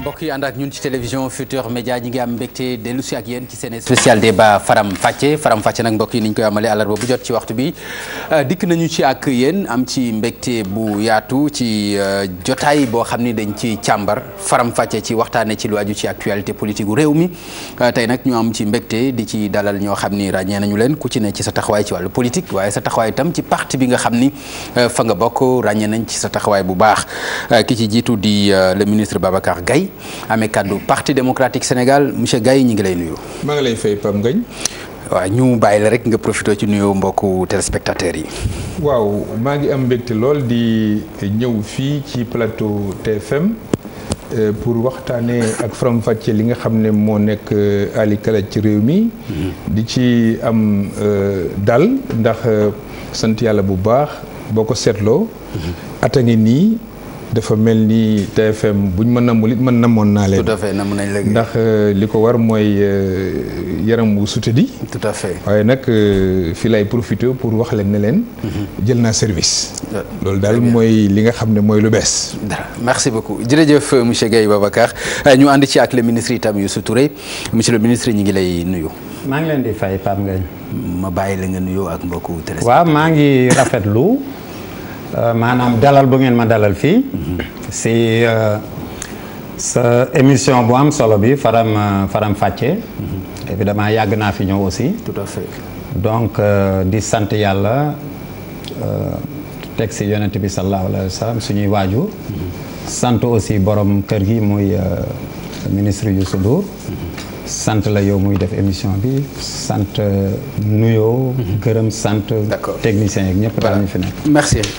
mbokk yi ànd ak ñun ci télévision Futur Média ñi ngi am mbégte dellu si ak yéen ci seen spécial débat Faram Facce Faram Facce nag mbokk yi ni ñu koy amalee àllarba bu jot ci waxtu bi euh, dikk nañu ci ak yéen am ci mbégte bu yaatu ci euh, jotaay boo xam ni dañ ci càmbar Faram Facce ci waxtaane ci lu aju ci actualité politique gu réew mi euh, tey nag ñu am ci mbégte di ci dalal ñoo xam ni ràññee nañu leen ku ci ne ci sa taxawaay ci wàllu politique waaye sa taxawaay itam parti bi nga xam ni fa nga bokk ràññee nañ ci sa taxawaay bu baax ki ci jiitu di le ministre Babacar Gaye Gaye amee kaddu parti démocratique Sénégal monsieur Gaye ñu ngi lay nuyu. maa ngi lay fay Pape Ngagne. waaw ñu bàyyi la rek nga profité ci nuyoo mbokku téléspectateurs yi. waaw maa ngi am mbégte lool di ñëw fii ci plateau TFM. Euh, pour waxtaanee ak faram-fàccee li nga xam ne moo nekk euh, ali kalaj ci réew mi. Mm-hmm. di ci am euh, dal ndax sant yàlla bu baax boo ko seetloo. Mm-hmm. ata ngi nii dafa mel ni TFM buñ ma nammul it man namoon naa leen. tout à nañ léegi ndax euh, li ko war mooy euh, yaram wu sutadi. tout à fait waaye nag euh, fii lay profité pour wax leen ne leen. Mhm. jël naa service. loolu daal mooy li nga xam ne mooy lu bees. merci beaucoup jërëjëf monsieur Gaye Babacar ñu ànd ci ak le ministre itam Youssou Touré monsieur le ministre ñu ngi lay nuyu. maa ngi leen di fay Pape Ngagne ma bàyyi la nga nuyoo ak mbokku. waaw maa ngi rafetlu. Euh, maanaam dalal bu ngeen ma dalal fii si euh, sa émission bu am solo bi faram euh, faram fàcce évidemment yàgg naa fi ñëw aussi tout donc di sant yàlla teg si yonent bi sa alayhi wa sallam suñuy waajur mm-hmm. sant aussi borom kër gi muy ministre Youssou Ndour sant la yow muy def émission bi sant euh, nuyoo. Mhm. gërëm sant. technicien yeeg ñëpp daal ñu fi nekk.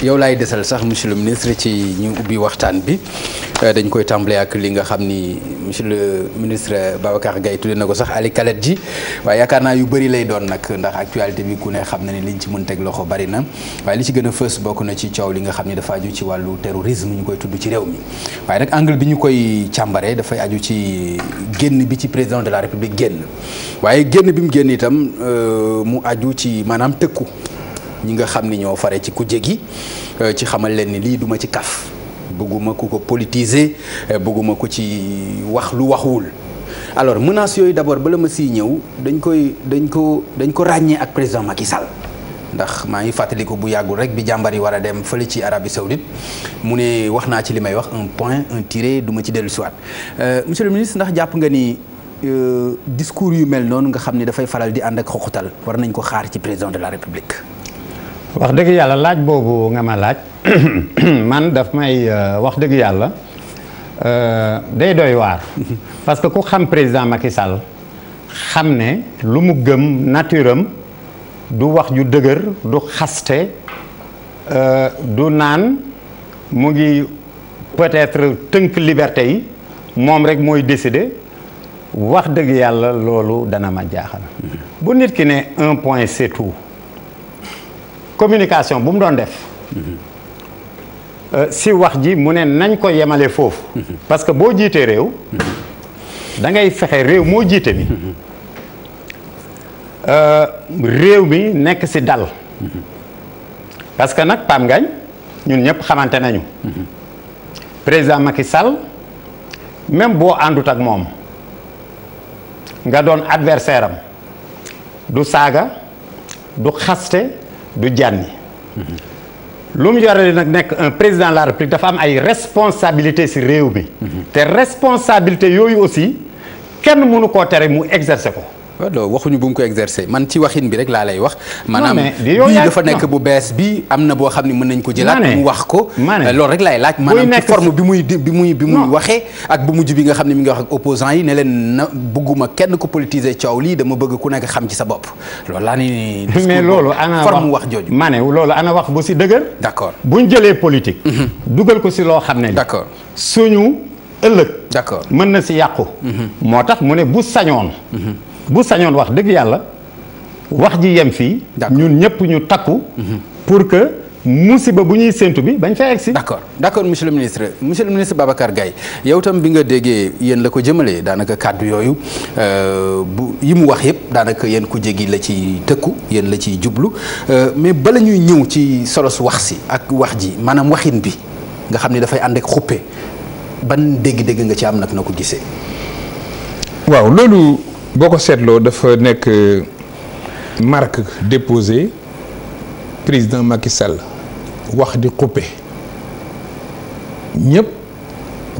yow laay desal sax monsieur le ministre ci ñu ubbi waxtaan bi euh, dañ koy tàmbalee ak li nga xam ni monsieur le ministre Babacar Gaye tudde na ko sax Ali Kalet ji waaye yaakaar naa yu bëri lay doon nag ndax actualité bi ku ne xam na ne liñ ci mën teg loxo bari na waaye li ci gën a fës bokk na ci coow li nga xam ni dafa aju ci wàllu terrorisme ñu koy tudd ci réew mi waaye la république génn waaye génn bi mu génn itam euh, mu aju ci maanaam tëkku ñi nga xam ni ñoo fare ci ku jégi euh, ci xamal leen ni lii duma ci kaf bëgguma ku ko politiser euh, bëgguma ko ci wax lu waxuwul alors menaces yooyu ba la ma si ñëw dañ koy dañ ko dañ ko ràññee ak président Macky sal ndax maa ngi fàttaliku bu yàggul rek bi jàmbar yi war a dem fële ci Arabie Saoudite mu ne wax naa ci li may wax un point un tiré duma ci dellu siwaat monsieur le ministre ndax jàpp Euh, discours yu mel noonu nga xam ni dafay faral di ànd ak xoxutal war nañ ko xaar ci président de la république. wax dëgg yàlla laaj boobu nga ma laaj man daf may euh, wax dëgg yàlla euh, day doy waar. parce que ku xam président Macky Sall xam ne lu mu gëm nature am du wax ju dëgër du xaste du naan mu ngi peut-être tënk liberté yi moom rek mooy décider. wax dëgg yàlla loolu dana ma jaaxal mm-hmm. bu nit ki ne un point c'est tout communication bu mu doon def mm-hmm. euh, si wax ji mu ne nañ ko yemale foofu mm-hmm. parce que boo jiitee réew da ngay fexe réew moo jiite mi euh, réew mi nekk si dal parce que nag Pam Ngagne ñun ñëpp xamante nañu président Macky sal même boo àndut ak moom nga doon adversaire am du saaga du xaste du jànni lu mu yore nag nekk un président la république dafa am ay responsabilité si réew mi te responsabilité yooyu aussi kenn mënu koo tere mu exercer ko loolu waxuñu bu mu ko exercer man ci waxin bi rek laa lay wax. maanaam bii dafa nekk bu bees bi am na boo xam ne mën nañ ko jëlaat. mu wax ko euh, loolu rek laay laaj. maanaam ci forme bi muy bi muy bi muy waxee. ak bu mujj bi nga xam ne mi ngi wax ak opposant yi ne leen na bëgguma kenn ko politiser coow lii dama bëgg ku nekk xam ci sa bopp loolu laa ni. mais loolu wax jooju. ma ne loolu ana wax bu si dëgër. d' accord bu ñu jëlee politique. Mhm. dugal ko si loo xam ne. d' accord suñu ëllëg. d' accord mën na si yàqu. Mhm. moo tax mu ne bu sañoon. Mhm. bu sañoon wax dëgg yàlla wax ji yem fii. ñun ñëpp ñu takku. Mhm. pour que musiba bu ñuy séntu bi bañ fa egsi. d' accord d' accord monsieur le ministre monsieur le ministre Babacar Gaye yow itam bi nga déggee yéen la ko jëmalee daanaka kàddu yooyu euh, bu yi mu wax yëpp daanaka yéen ku jéggi la ci tëkku yéen la ciy jublu euh, mais bala ñuy ñëw ci solos wax si ak wax ji maanaam waxin bi nga xam ni dafay ànd ak xuppe ban dégg-dégg nga ci am nag na ko gisee. waaw loolu. boo ko seetloo dafa nekk euh, marque déposé président Macky Sall wax di xuppe ñëpp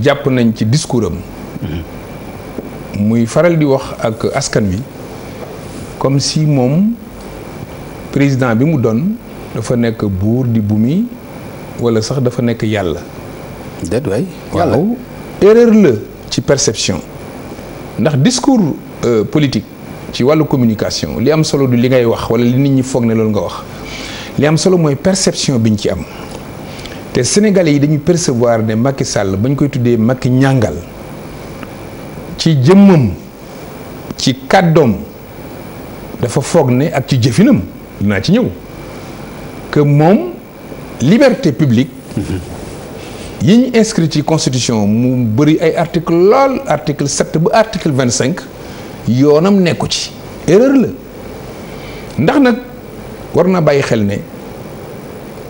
jàpp nañ ci discours mm-hmm. muy faral di wax ak askan wi comme si moom président bi mu doon dafa nekk buur di bumi wala sax dafa nekk yàlla. déet la ci perception ndax discours. Euh, politique ci wàllu communication li am solo du li ngay wax wala li nit ñi foog ne loolu nga wax li am solo mooy perception ñu ci am te sénégalais yi dañuy percevoir ne Macky Sall bañ koy tuddee Macky ñàngal ci jëmmam ci kàddoom dafa foog ne ak ci jëfinam dinaa ci ñëw que moom liberté publique mhm. yi ñu inscrit ci constitution mu bëri ay article lool article sept ba article vingt cinq yoonam nekku ci erreur la ndax nag war na bàyyi xel ne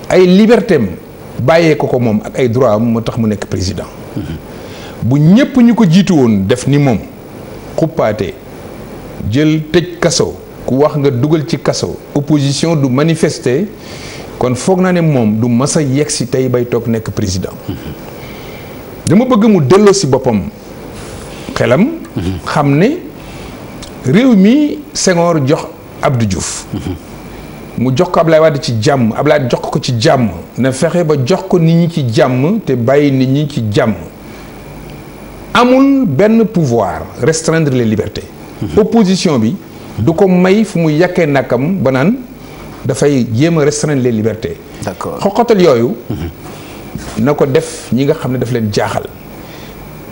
ay liberté bàyyee ko ko moom ak ay droit am moo tax mu nekk président mm-hmm. bu ñépp ñu ko jiitu woon def ni moom xuppaate jël tëj kaso ku wax nga dugal ci kaso opposition du manifester kon foog naa ne moom du mas a yegg si tey bay toog nekk président mm-hmm. dama bëgg mu delloo si boppam xelam mm-hmm. xam ne réew mi Senghor jox Abdou Diouf mu jox ko Ablaye Wade ci jàmm Ablaye jox ko ci jàmm na fexe ba jox ko nit ñi ci jàmm te bàyyi nit ñi ci jàmm amul benn pouvoir restreindre les liberté mhm. opposition bi du ko may fu mu yàkkee nakam ba naan dafay jéem a restreindre les libertés d'accord yooyu mhm. na ko def ñi nga xam ne daf leen jaaxal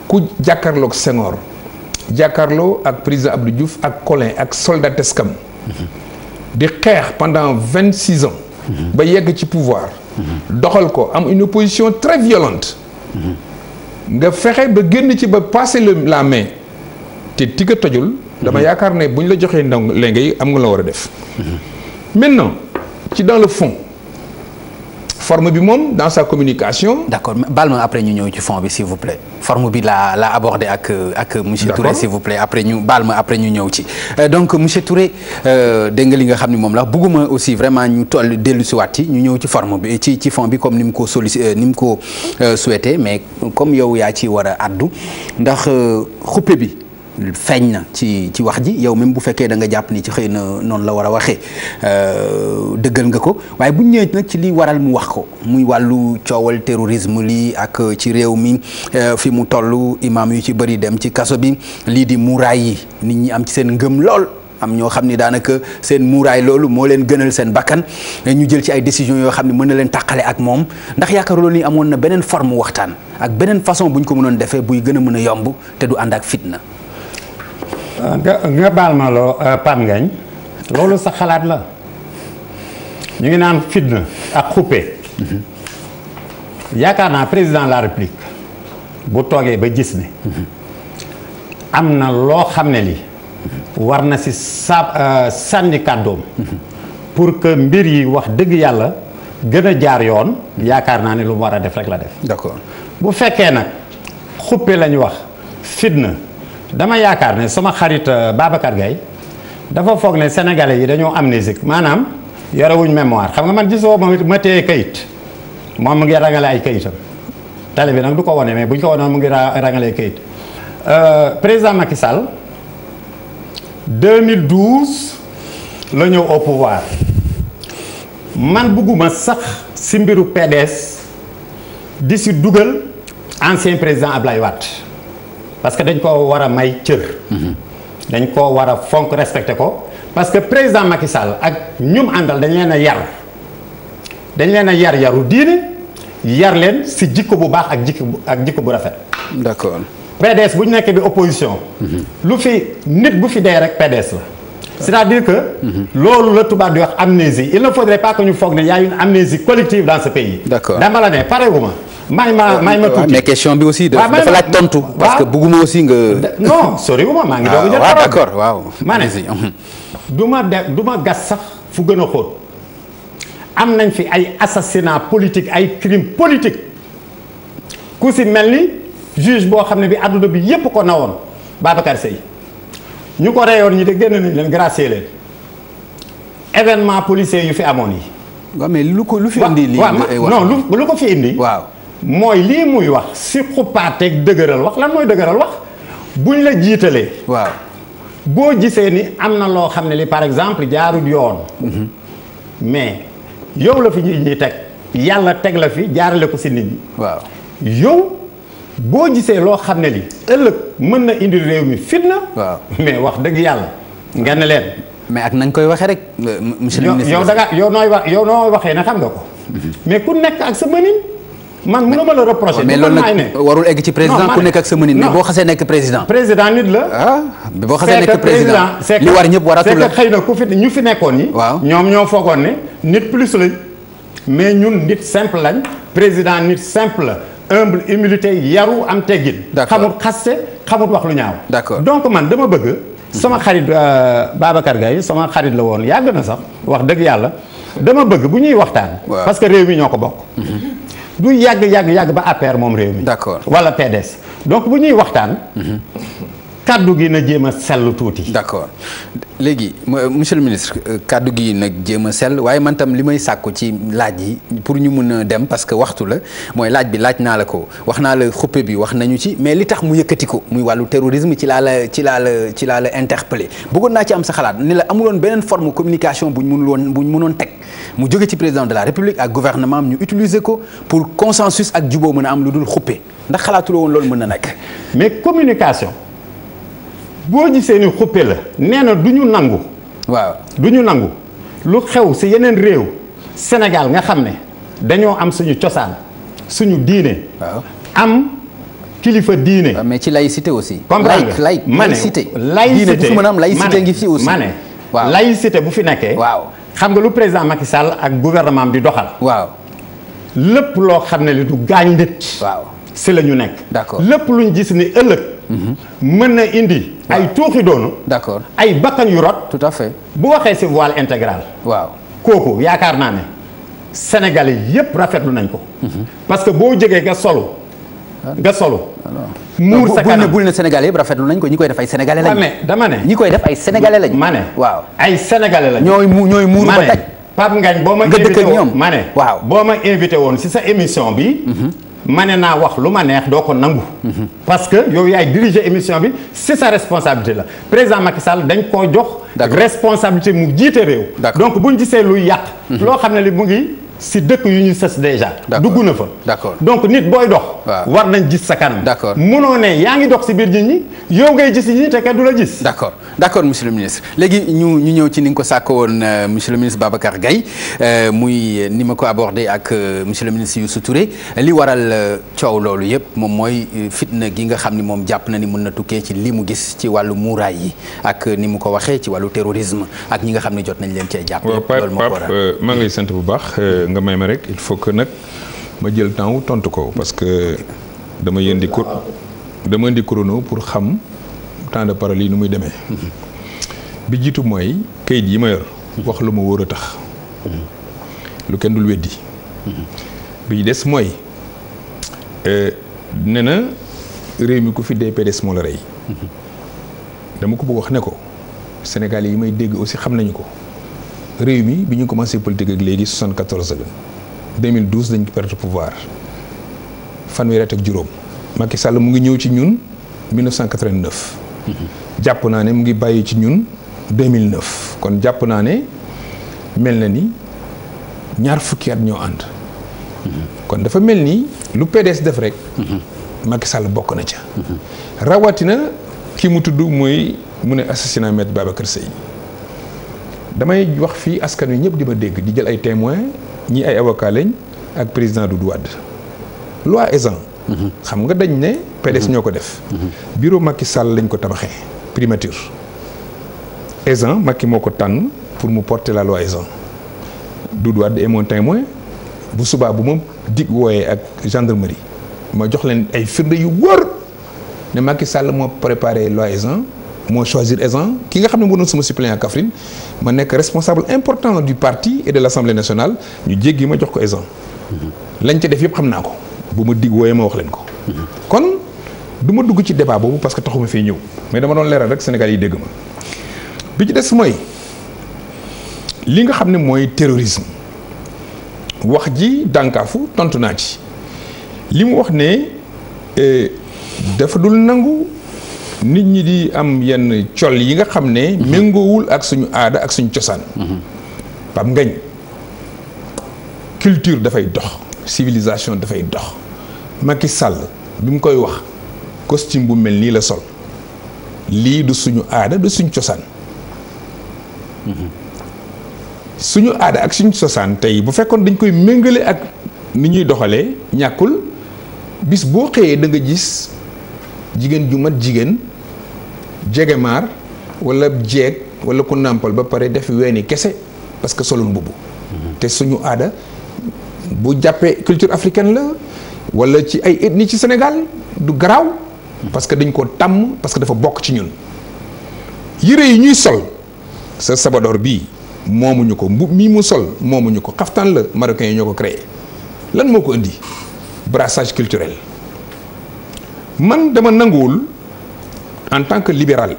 ku jàkkaarloog Senghor jàkkaarloo ak président Abdou Diouf ak Collin ak soldateskam di xeex pendant vingt six ans ba yegg ci pouvoir doxal ko am une opposition très violente nga fexe ba génn ci ba passer la mai te tigga tojul dama yaakaar ne bu ñu la joxee ndaw léegi am nga la war a def maintenant ci dans le fond forme bi moom dans sa communication. d' accord baal après ñu ñëw ci fond bi s'il vous plaît forme bi laa laa ak ak monsieur Touré s'il vous plaît après ñu baal ma après ñu ñëw ci. Euh, donc monsieur Touré euh, dégg li nga xam ni moom la bëgguma aussi vraiment ñu toll dellu si yi ñu ñëw ci forme bi ci ci fond bi comme ni mu ko sollicité euh, ni mu ko souhaité mais comme yow yaa ci war a addu ndax xuppe bi. feeñ na ci ci wax ji yow même bu fekkee da nga jàpp ni ci xëy na noonu la war a waxee euh, dëggal nga ko waaye bu ñëwee nag ci li waral mu wax ko muy wàllu coowal terrorisme lii ak ci réew mi euh, fi mu toll imaam yu ci bari dem ci kaso bi lii di muuraay yi nit ñi am ci seen ngëm lool am ñoo xam ni daanaka seen muuraay loolu moo leen gënal seen bakkan ñu jël ci ay décisions yoo xam ne mën na leen tàqale ak moom ndax yaakaaroon ni amoon na beneen forme waxtaan ak beneen façon bu ñu ko mënoon defee buy gën a mën a yomb te du ànd ak fitna. nga baal ma loo euh, Pape loolu sa xalaat la ñu ngi naan fitna ak xuppe mhm. yaakaar naa président de la république bu toogee ba gis ni mhm. am na loo xam ne li mhm. war na si sa euh, sànni kàddoom pour que mbir yi wax dëgg yàlla gën a jaar yoon yaakaar naa ni lu mu war a def rek la def bu fekkee nag xuppe lañu wax fitna dama yaakaar ne sama xarit euh, Babacar Gaye dafa foog ne sénégalais yi dañoo amnésique maanaam yorewuñ mémoire xam nga man gisoo ma ma téye kayit moom mu ngi rangale ay kayitam télé bi nag du ko wone mais bu ñu ko wonoon mu ngi rangalee kayit euh, président Macky Sall 2012 la ñëw au pouvoir man bugguma sax si mbiru PDS di si dugal ancien président lay Wade parce que dañ koo war a may cër. Mhm. dañ koo war a fonk respecté ko parce que président Macky Sall ak ñum àndal dañ leen a yar dañ leen a yar yaru diine yar leen si jikko bu baax ak jikko ak jikko bu rafet. d'accord PDS bu ñu nekk bi opposition. Mhm. lu fi nit bu fi dee rek PDS la. c'est-à-dire que. Mhm. loolu la tubaab di wax amnésie il ne faudrait pas que ñu foog ne y a amnésie collective dans ce pays. dama la ne parewuma may ma may ma tuuti mais question bi aussi. dafa laaj tontu. parce que bugguma aussi nga. non soriwuma maa ngi doog a ah, jot. waaw d'accord waaw. ma ne mhm. du ma de du ma gas sax fu gën a xóot am nañ fi ay assassinat politique ay crime politique ku si mel ni juge boo xam ne bi adduna bi yépp ko nawoon Babacar Seye ñu ko reyoon ñi de génn nañ leen gracier leen événement policier yu fi amoon yi. waaw mais lu ko lu fi indi. lii non lu ko fi indi. waaw. mooy lii muy wax si xupaateeg dëgëral wax lan mooy dëgëral wax buñ la jiitalee. waaw boo gisee ni am na loo xam ne li par exemple jaarul yoon. Mhm. mais yow la fi nit ñi teg. yàlla teg la fi jaarale ko si nit ñi. waaw yow boo gisee loo xam ne li ëllëg mën na indi réew mi fitna. waaw mais wax dëgg yàlla. nga ne leen. mais ak nañ koy waxee rek. monsieur le ministre yow da yow nooy wax yow noo waxee na xam nga ko. Mhm. mais ku nekk ak sa bënin. man mënu ma la reprocher. mais loolu nag warul egg ci président ku nekk ak sa mënin. mais boo xasee nekk président. président nit la. ah boo xasee nekk président li war ñëpp waratul la. xëy na ku fi ñu fi nekkoon ñi. waaw ñoom ñoo foogoon ne nit plus lañ. mais ñun nit simple lañ président nit simple la humble humilité yaru am teggin. xamut xaste xamut wax lu ñaaw. d'accord donc man dama bëgg. Mhm. sama xarit euh, Babacar Gaye sama xarit la woon yàgg na sax wax dëgg yàlla dama bëgg bu ñuy waxtaan. parce que réew mi ñoo ko bokk. Mhm. du yàgg yàgg yàgg ba APR moom réew mi. d'accord wala PDS donc bu ñuy waxtaan. Mhm. kàddu gi na jéem a sell tuuti. d' accord léegi monsieur le ministre euh, kàddu gi nag jéem a sell waaye man tam li may sàkku ci laaj yi pour ñu mun a dem parce que waxtu la mooy laaj bi laaj naa la ko wax naa la xuppe bi wax nañu ci mais li tax mu yëkkati ko muy wàllu terrorisme ci laa la ci laa la ci laa la interpellé bëggoon naa ci am sa xalaat ni la amuloon beneen forme communication bu mun woon buñ mënoon teg mu jóge ci président de la république ak gouvernement am ñu utiliser ko pour consensus ak juboo mën a am lu dul xuppe ndax xalaatuloo mën na nekk boo gisee ni xuppe la nee na du ñu nangu. waaw du ñu nangu lu xew si yeneen réew Sénégal nga xam ne dañoo am suñu cosaan suñu diine. am kilifa diine. mais ci laïcité aussi. comprendre nga laïc laïcité diine bu fi mën a am laïcité ngi bu fi nekkee. waaw xam nga lu président Macky Sall ak gouvernement di doxal. waaw lépp loo xam ne li du gaañ nit. waaw si la ñu nekk. d'accord lépp luñ gis ni ëllëg. Mhm. mën na indi. ay tuuxi doonu. d'accord ay bakkan yu rot. tout à fait bu waxee ci voile intégral. waaw kooku yaakaar naa ne sénégalais yépp rafetlu nañ ko. Mhm. parce que boo jógee nga solo. Ah. nga solo. muur sa kanam bul ne sénégalais yëpp rafetlu nañ ko ñi koy def ay sénégalais lañ. mais dama ne. ñi koy def ay sénégalais lañ. ma ne waaw ay sénégalais lañ. ñooy mu ñooy muur ba taj. Pape Ngagne boo ma invité woon ma waaw boo ma invité woon ci sa émission bi. Mhm. mane naa wax lu ma neex doo ko nangu. parce que yow yaay diriger émission bi c'est sa responsabilité la président Macky Sall dañ koo jox. responsabilité mu jiite réew. donc bu ñu gisee luy yàq. Mhm. loo xam ne li mu ngi. si dëkk yu ñu sës déjà. dugg na fa. d'accord donc nit booy dox. war nañ gis sa kanam. d'accord munoo ne yaa ngi dox si biir nit ñi yow ngay gis nit ñi te kenn du la gis. d'accord d'accord monsieur le ministre léegi ñu ñu ñëw ci ni nga ko sàkk woon euh, monsieur le ministre Babacar Gaye euh, muy ni ma ko abordé ak euh, monsieur le ministre Youssou Touré li waral coow loolu yëpp moom mooy fitna gi nga xam ni moom jàpp na ni mën na tukkee ci li mu gis ci wàllu muuraay yi ak ni mu ko waxee ci wàllu terrorisme ak ñi nga xam ne jot nañ leen cee jàpp. loolu moo ko waral sant bu baax. nga may ma rek il faut que nag ma jël temps wu tontu ko parce que dama yëndi kur dama indi chrono pour xam temps de parole yi nu muy demee. bi jiitu mooy kayit yi ma yor. wax lu ma wóor a tax. lu kenn dul weddi. bi des mooy euh, nee na réew mi ku fi dee PDS moo la rey. dama ko bëgg wax ne ko Sénégal yi may dégg aussi xam nañu ko. réew mi bi ñu commencé politique ak léegi 74 la 2012 dañ perte pouvoir fanweeri at ak juróom. Macky Sall mu ngi ñëw ci ñun 1989. jàpp naa ne mu ngi bàyyi ci ñun 2009 kon jàpp naa ne mel na ni ñaar fukki at ñoo ànd. kon dafa mel ni lu PDS def rek. Macky Sall bokk na ca. rawatina ki mu tudd mooy mu ne assassinat Maître Babacar Sèye. damay wax fii askan wi ñëpp di ma dégg di jël ay témoins ñi ay avocats lañ ak président Doudou Wade loi Ezzan. Mhm. xam nga dañ ne. PDS mhm. ñoo ko def. Mhm. bureau Macky Sall lañ ko tabaxee primature. Ezzan makki moo ko tànn pour mu porter la loi Ezzan Doudou Wade est mon témoin bu subaa bu ma dig wooyee ak gendarmerie ma jox leen ay firnde yu wóor ne Macky Sall moo préparé loi Ezzan. moo choisir Ezzan ki nga xam ne moo doon sama suppléant Kaffrine ma nekk responsable important du parti et de l' assemblée nationale ñu jéggi ma jox ko Ezzan mhm. lañ ca def yëpp xam naa ko bu ma dig wooyee ma wax leen ko mhm. kon du ma dugg ci débat boobu parce que taxuma fee ñëw mais dama doon leeral rek Sénégal yi dégg ma bi ci des mooy li nga xam ne mooy terrorisme wax ji dànkaafu tontu naa ci li mu wax ne euh, dafa dul nangu nit ñi di am yenn col yi nga xam ne mhm. méngoowul ak suñu aada ak suñu cosaan mhm. pam ngañ culture dafay dox civilisation dafay dox Macky sàll bi mu koy wax costume bu mel nii la sol lii du suñu aada du suñu cosaan mhm. suñu aada ak suñu cosaan tey bu fekkoon dañ koy méngale ak ni ñuy doxalee ñàkkul bis boo xëyee danga nga gis jigéen ju mat jigéen jegemaar wala jeeg wala ku nàmpal ba pare def weeni kese parce que solul mbubb te suñu aada bu jàppee culture africaine la wala ci ay ethnie ci Sénégal du garaaw parce que dañ ko tàmm parce que dafa bokk ci ñun yére yi ñuy sol sa sabadoor bi moomuñu ko mbub mii mu sol moomuñu ko xaftaan la marocain yi ñoo ko créé lan moo ko indi brassage culturel man dama nanguwul en tant que libéral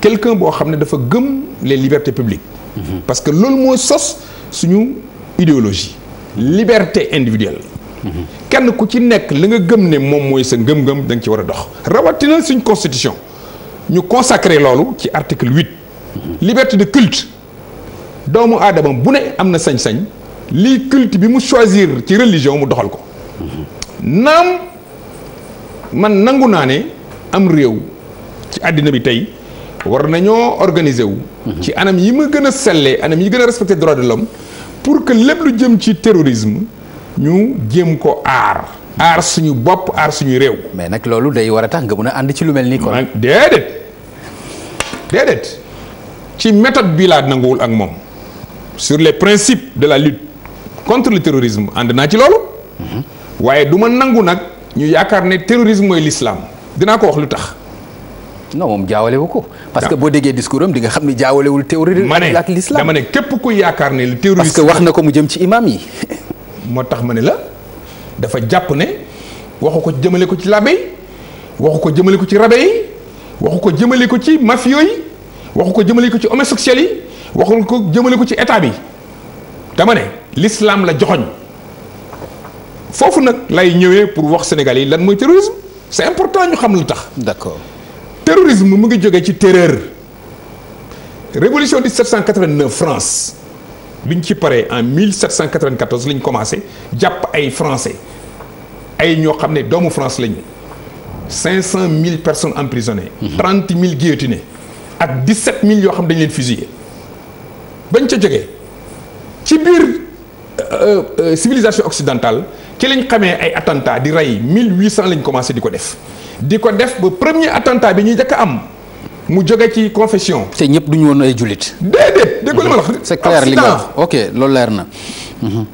quelqu'un boo xam ne dafa gëm les libertés publiques mhm. parce que loolu mooy sos suñu idéologie liberté individuelle mhm. kenn ku ci nekk li nga gëm ne moom mooy sa ngëm-ngëm da ci war a dox rawatina suñ constitution ñu consacré loolu ci article huit mhm. liberté de culte doomu aadama bu ne am na sañ-sañ lii culte bi mu choisir ci religion mu doxal ko naam man nangu naa ne am réew ci àddina bi tey war nañoo organiser wu. Mhm. ci anam yi ma gën a sellee anam yi gën a respecté droit de l'homme pour que lépp lu jëm ci terrorisme ñu jéem ko aar. aar suñu bopp aar suñu réew. mais nag loolu day war a tax nga mën a ànd ci lu mel nii kon. déedéet déedéet ci méthode bi laa nanguwul ak moom sur les principes de la lutte contre le terrorisme ànd naa ci loolu. Mhm. waaye du ma nangu nag ñu yaakaar ne terrorisme mooy l'islam dinaa ko wax lu tax. non moom jaawalewu ko. parce que boo déggee discours am di nga xam ni jaawalewul terrorisme ak l'islam dama ne képp ku yaakaar ne le terrorisme. parce que wax na ko mu jëm ci imam yi. tax ma ne la dafa jàpp ne waxu ko jëmale ko ci labbe yi ko jëmale ko ci rabe yi waxu ko jëmale ko ci mafio yi waxu ko jëmale ko ci homosexuels yi waxu ko jëmale ko ci état bi dama ne l'islam la joxoñ foofu nag lay ñëwee pour wax Sénégalais yi lan mooy terrorisme. c'est important ñu xam lu tax. d'accord terrorisme mu ngi jógee ci terreur. révolution 1789 France bi ñu ci paree en 1794 la ñu commencé jàpp ay français ay ñoo xam ne doomu France lañu cinq cent mille personnes emprisonnées. Mhm. trente mille guillotinées ak dix sept mille yoo xam dañ leen fusillé bañ ca jógee ci biir euh, euh, euh, civilisation occidentale. ci lañ xamee ay attentat di rey 1800 lañ commencé di ko def di ko def ba premier attentat bi ñuy jëkk am mu jóge ci confession. te ñëpp du ñu woon ay jullit. déedéet dégg li ma la wax. c'est ok loolu leer na. Mhm.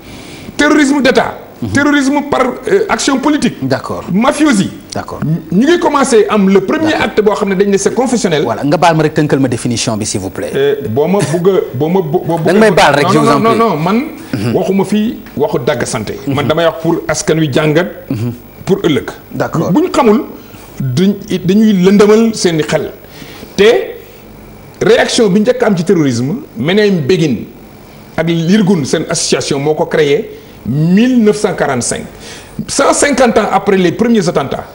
terrorisme d'État. Mhm. terrorisme par euh, action politique. d'accord mafiosi. d'accord ñu ngi commencé am le premier acte boo xam ne dañ ne c'est confessionnel. voilà nga baal ma rek tënkal ma définition bi s'il vous plaît. Euh, boo ma bëgg a boo ma boo da nga may baal rek je vous en prie non non man. Mhm. waxuma fii waxu dagg santé. Mhm. man damay wax pour askan wi jàngat. Mhm. pour ëllëg. d'accord bu ñu xamul dañ dañuy lëndëmal seen i xel te réaction bi njëkk am ci terrorisme Menahem Begin ak Irgun seen association moo ko créé 1945 150 ans après les premiers attentats.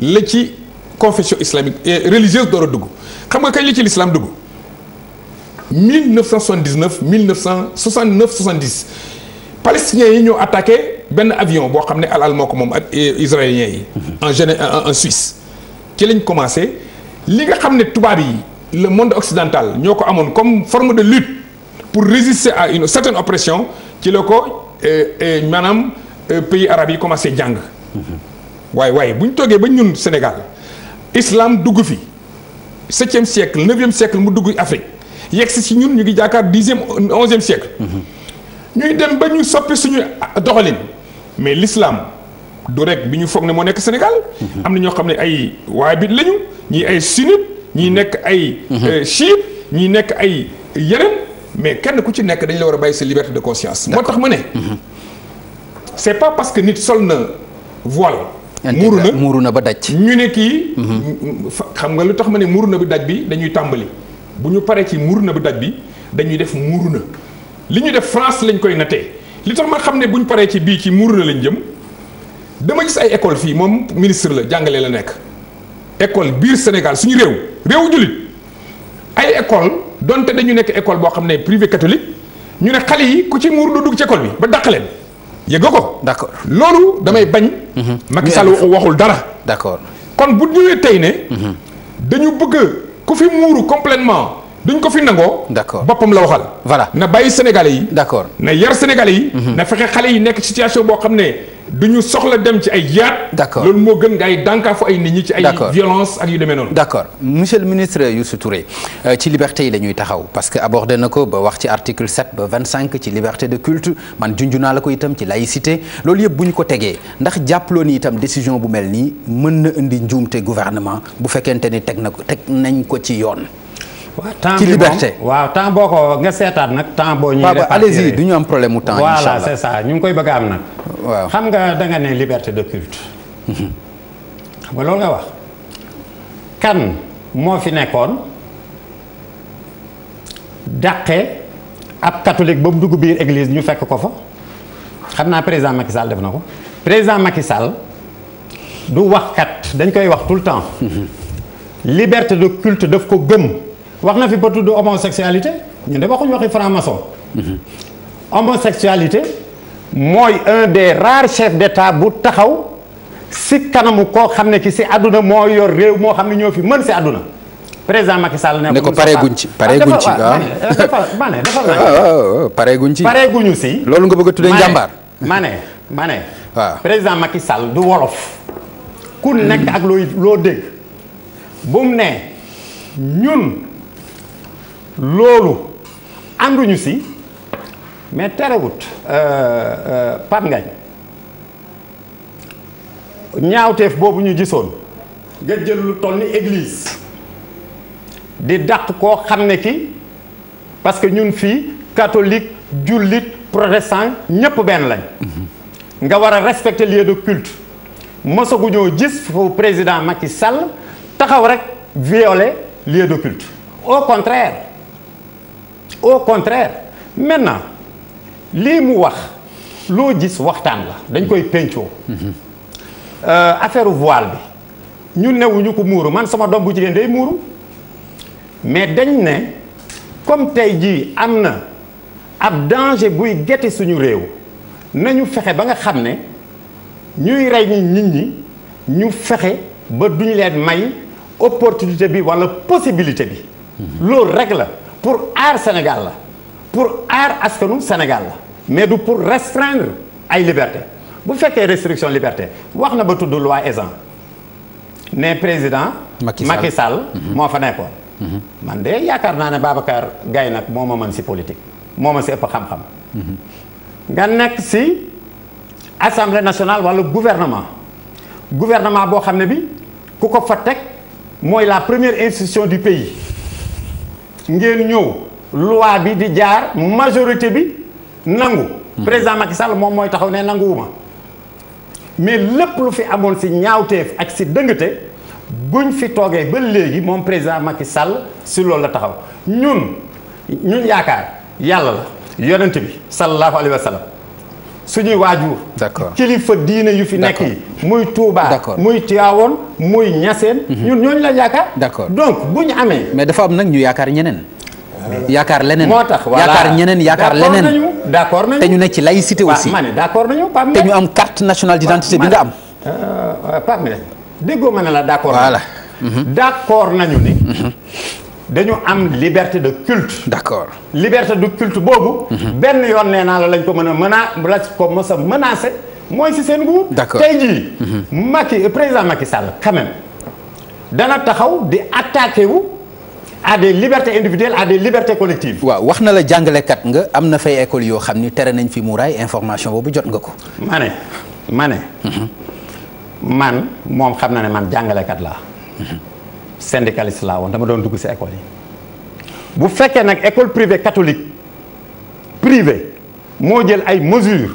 la ci confession islamique et euh, religieuse door a dugg xam nga kañ la ci l'islam dugg 1979 1969 70 palestiniens yi ñoo attaqué benn avion boo xam ne alal moo ko moom ak euh, israéliens yi. Mhm. en Gén en Suisse ci lañ commencé li nga xam ne tubaab yi le monde occidental ñoo ko amoon comme forme de lutte pour résister à une certaine oppression ci la ko euh, maanaam pays arab yi commencé jàng. Mhm. waaye waaye bu ñu toogee ba ñun Sénégal islam dugg fi septième siècle neuvième siècle mu dugg Afrique yegg si si ñun ñu ngi jaakaar dixième onzième siècle ñuy dem ba ñu soppee suñu doxalin mais l'islam du rek bi ñu foog ne moo nekk Sénégal am na ñoo xam ne ay waabit lañu ñii ay sunnite ñii nekk ay euh, chiite ñii nekk ay yeneen mais kenn ku ci nekk dañ la war a bàyyi sa liberté de conscience moo tax ma ne mhm. c'est pas parce que nit sol na voile muuru na muuru na ba daj. ñu ne kii. Mhm. xam nga lu tax ma ne muuru na bu daj bi dañuy tàmbali bu ñu paree ci muuru na bu daj bi dañuy def muuru na li ñu def France lañ koy nattee li tax ma xam ne bu ñu paree ci bii ci muuru na lañ jëm dama gis ay école fii moom ministre la jàngale la nekk école biir Sénégal suñu réew réewu jullit ay école donte dañu nekk école boo xam ne privé catholique ñu ne xale yi ku ci muuru du dugg ci école bi ba dàq leen yëg ko. d' loolu damay bañ. Mhm. Macky Sall waxul dara. d' accord kon bu ñëwee tey ne. Mhm. dañu bëgg ku fi muuru complètement duñ ko fi nangoo. d' accord boppam la waxal. voilà na bàyyi Sénégalais yi. d' accord na yar Sénégalais yi. Mhm. na fexe xale yi nekk situation boo xam ne. du ñu soxla dem ci ay yaat. d' loolu moo gën nga ay dànkaafu ay nit ñi ci ay. violence ak yu demee noonu. d' accord monsieur le ministre Youssou Touré euh, ci liberté yi la taxaw parce que abordé na ko ba wax ci article 7 ba 25 ci liberté de culte man junj naa la ko itam ci laïcité loolu yëpp bu ñu ko tegee ndax jàppaloo ni itam décision bu mel nii mën na indi njuumte gouvernement bu fekkente ni teg na ko teg nañ ko ci yoon. temps liberté waaw temps boo ko nga seetaat nag temps boo. ñuy répartir allez du ñu am problème mu temps. incha allah c'est ça ñu ngi koy bëgg am nag. waaw xam nga danga ne liberté de culte. xam nga loolu nga wax. kan moo fi nekkoon dàqe ab catholique ba mu dugg biir église ñu fekk ko fa xam naa président Macky def na ko président Macky Sall du wax kat dañ koy wax tout le temps. liberté de culte daf ko gëm. wax na fi ba tudd homosexualité ñu ne waxuñu waxi franc-maçon mhm. homosexualité mooy un des rares chefs d'État bu taxaw si kanamu koo xam ne ki si àdduna moo yor réew moo xam ne ñoo fi mën si àdduna président Macky Sall ne ko paree guñ ci paree guñ ci waaw ah, ah. ah, paree ci paree guñu si loolu nga bëgg a tuddee njàmbaar ma ne ma ne waaw président Macky Sall du wolof ku nekk ak looy loo dégg bu mu ne ñun loolu ànduñu si mais terewut euh, euh, Pape Ngagne ñaawteef boobu ñu gisoon nga jël lu toll ni église di dàq koo xam ne ki parce que ñun fii catholique jullit protestant ñépp benn lañ mm-hmm. nga war a respecter lieu de culte mësagu ñoo gis fu président Macky Sall taxaw rek viole lieu de culte au contraire au contraire maintenant lii mu wax loo gis waxtaan la dañ koy pencoo euh, affaire voile bi ñu newuñu ko muuru man sama doom bu jigéen day muuru mais dañ ne comme tey jii am na ab danger buy gete suñu réew nañu fexe ba nga xam ne ñuy rey ni nit ñi ñu fexe ba duñu leen may opportunité bi walla possibilité bi mhm. loolu rek la pour aar Sénégal la pour aar askanu Sénégal la mais du pour restreindre ay liberté bu fekkee restriction liberté wax na ba tudd loi Ezzan ne président Macky Sall mhm. moo fa nekkoon mhm. man de yaakaar naa ne Babacar Gaye nag moo ma man si politique moo ma si ëpp xam-xam mhm. nga nekk si assemblée nationale wala gouvernement gouvernement boo xam ne bi ku ko fa teg mooy la première institution du pays ngeen ñëw loi bi di jaar majorité bi nangu. Hmm. président Macky Sall moom mooy taxaw ne nanguwuma mais lépp lu fi amoon si ñaawteef ak si dëngate buñ fi toogee ba léegi moom président Macky sàll si loolu la taxaw ñun ñun yaakaar yàlla la yonent bi sallallahu alayhi wa suñuy waajur. d'accord kilifa diine yu fi nekk yi. muy Touba muy Tivaouane muy Niassène. Mhm. ñun ñooñ la yaakaar. d'accord donc bu ñu amee. mais dafa am nag ñu yaakaar ñeneen. Euh, yaakaar leneen moo tax voilà ñeneen yaakaar leneen. d'accord nañu te ñu nekk ci laïcité aussi. ma ne d'accord nañu Pape te ñu am carte nationale d'identité bi nga am. Euh, Pape Ngagne ma ne la d'accord. voilà mhm. d'accord nañu ni. dañu am liberté de culte. d'accord liberté de culte boobu. Mhm. benn yoon nee naa la lañ ko mën a mën la ko mos a menacé mooy si seen nguur. d'accord tey jii. Mhm. Macky président dana taxaw di attaqué wu. à des libertés individuelles à des waaw wax na la jàngalekat nga am na école yoo xam ni tere nañ fi muuraay information boobu jot nga ko. ma ma ne. Mhm. moom xam na ne man jàngalekat laa. syndicaliste laa woon dama doon dugg ci école yi bu fekkee nag école privée catholique privée moo jël ay mesures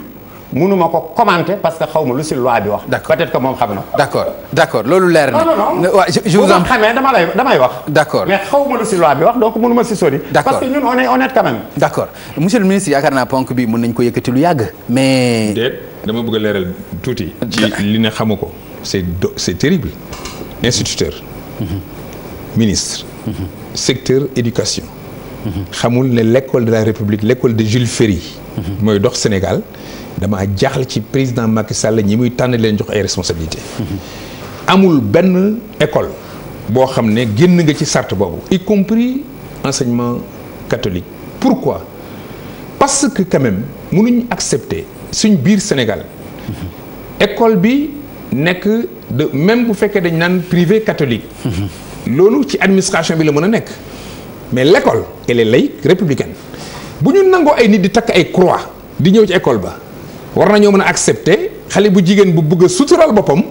mënuma ko commenter parce que xaw ma lu ci loi bi wax. peut-être moom xam na ko. d'accord d'accord loolu leer na. non non je vous en xamee dama lay damay wax. d'accord mais xaw ma bi wax donc mënuma ci sori. parce que ñun on est honnête quand même. d'accord ko yëkkati lu yàgg mais. dama bëgg leeral tuuti. ci li ne xamu ko c'est c'est terrible instituteur. Mm-hmm. ministre mm-hmm. secteur éducation mm-hmm. xamul ne l'école de la république l'école de Jules Ferry mooy dox Sénégal dama jaaxle ci président Macky Sall ñi muy tànn leen jox ay responsabilité amul benn école boo xam ne génn nga ci sart boobu y compris enseignement catholique pourquoi parce que quand même mënuñ suñ biir Sénégal école bi nekk de même bu fekkee dañ naan privé catholique. loolu ci administration bi la mën a nekk. mais lekkool école elle républicaine bu ñu nangoo ay nit di takk ay croix di ñëw ci école ba war ñoo mën a accepter xale bu jigéen bu bëgg a suturaal boppam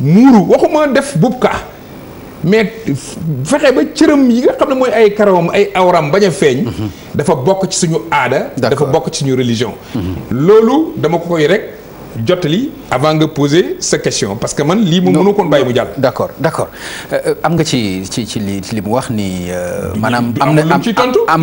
muuru waxuma def bubka mais fexe ba cëram yi nga xam ne mooy ay karawam ay awram bañ a feeñ. Mhm. dafa bokk ci suñu aada. dafa bokk ci suñu religion. Mhm. loolu dama ko koy rek. jottali avant nga poser sa question parce que man lii moom mënu koon bàyyi mu jàll. d' accord euh, am nga ci ci ci li li mu wax ni. Euh, maanaam am na am am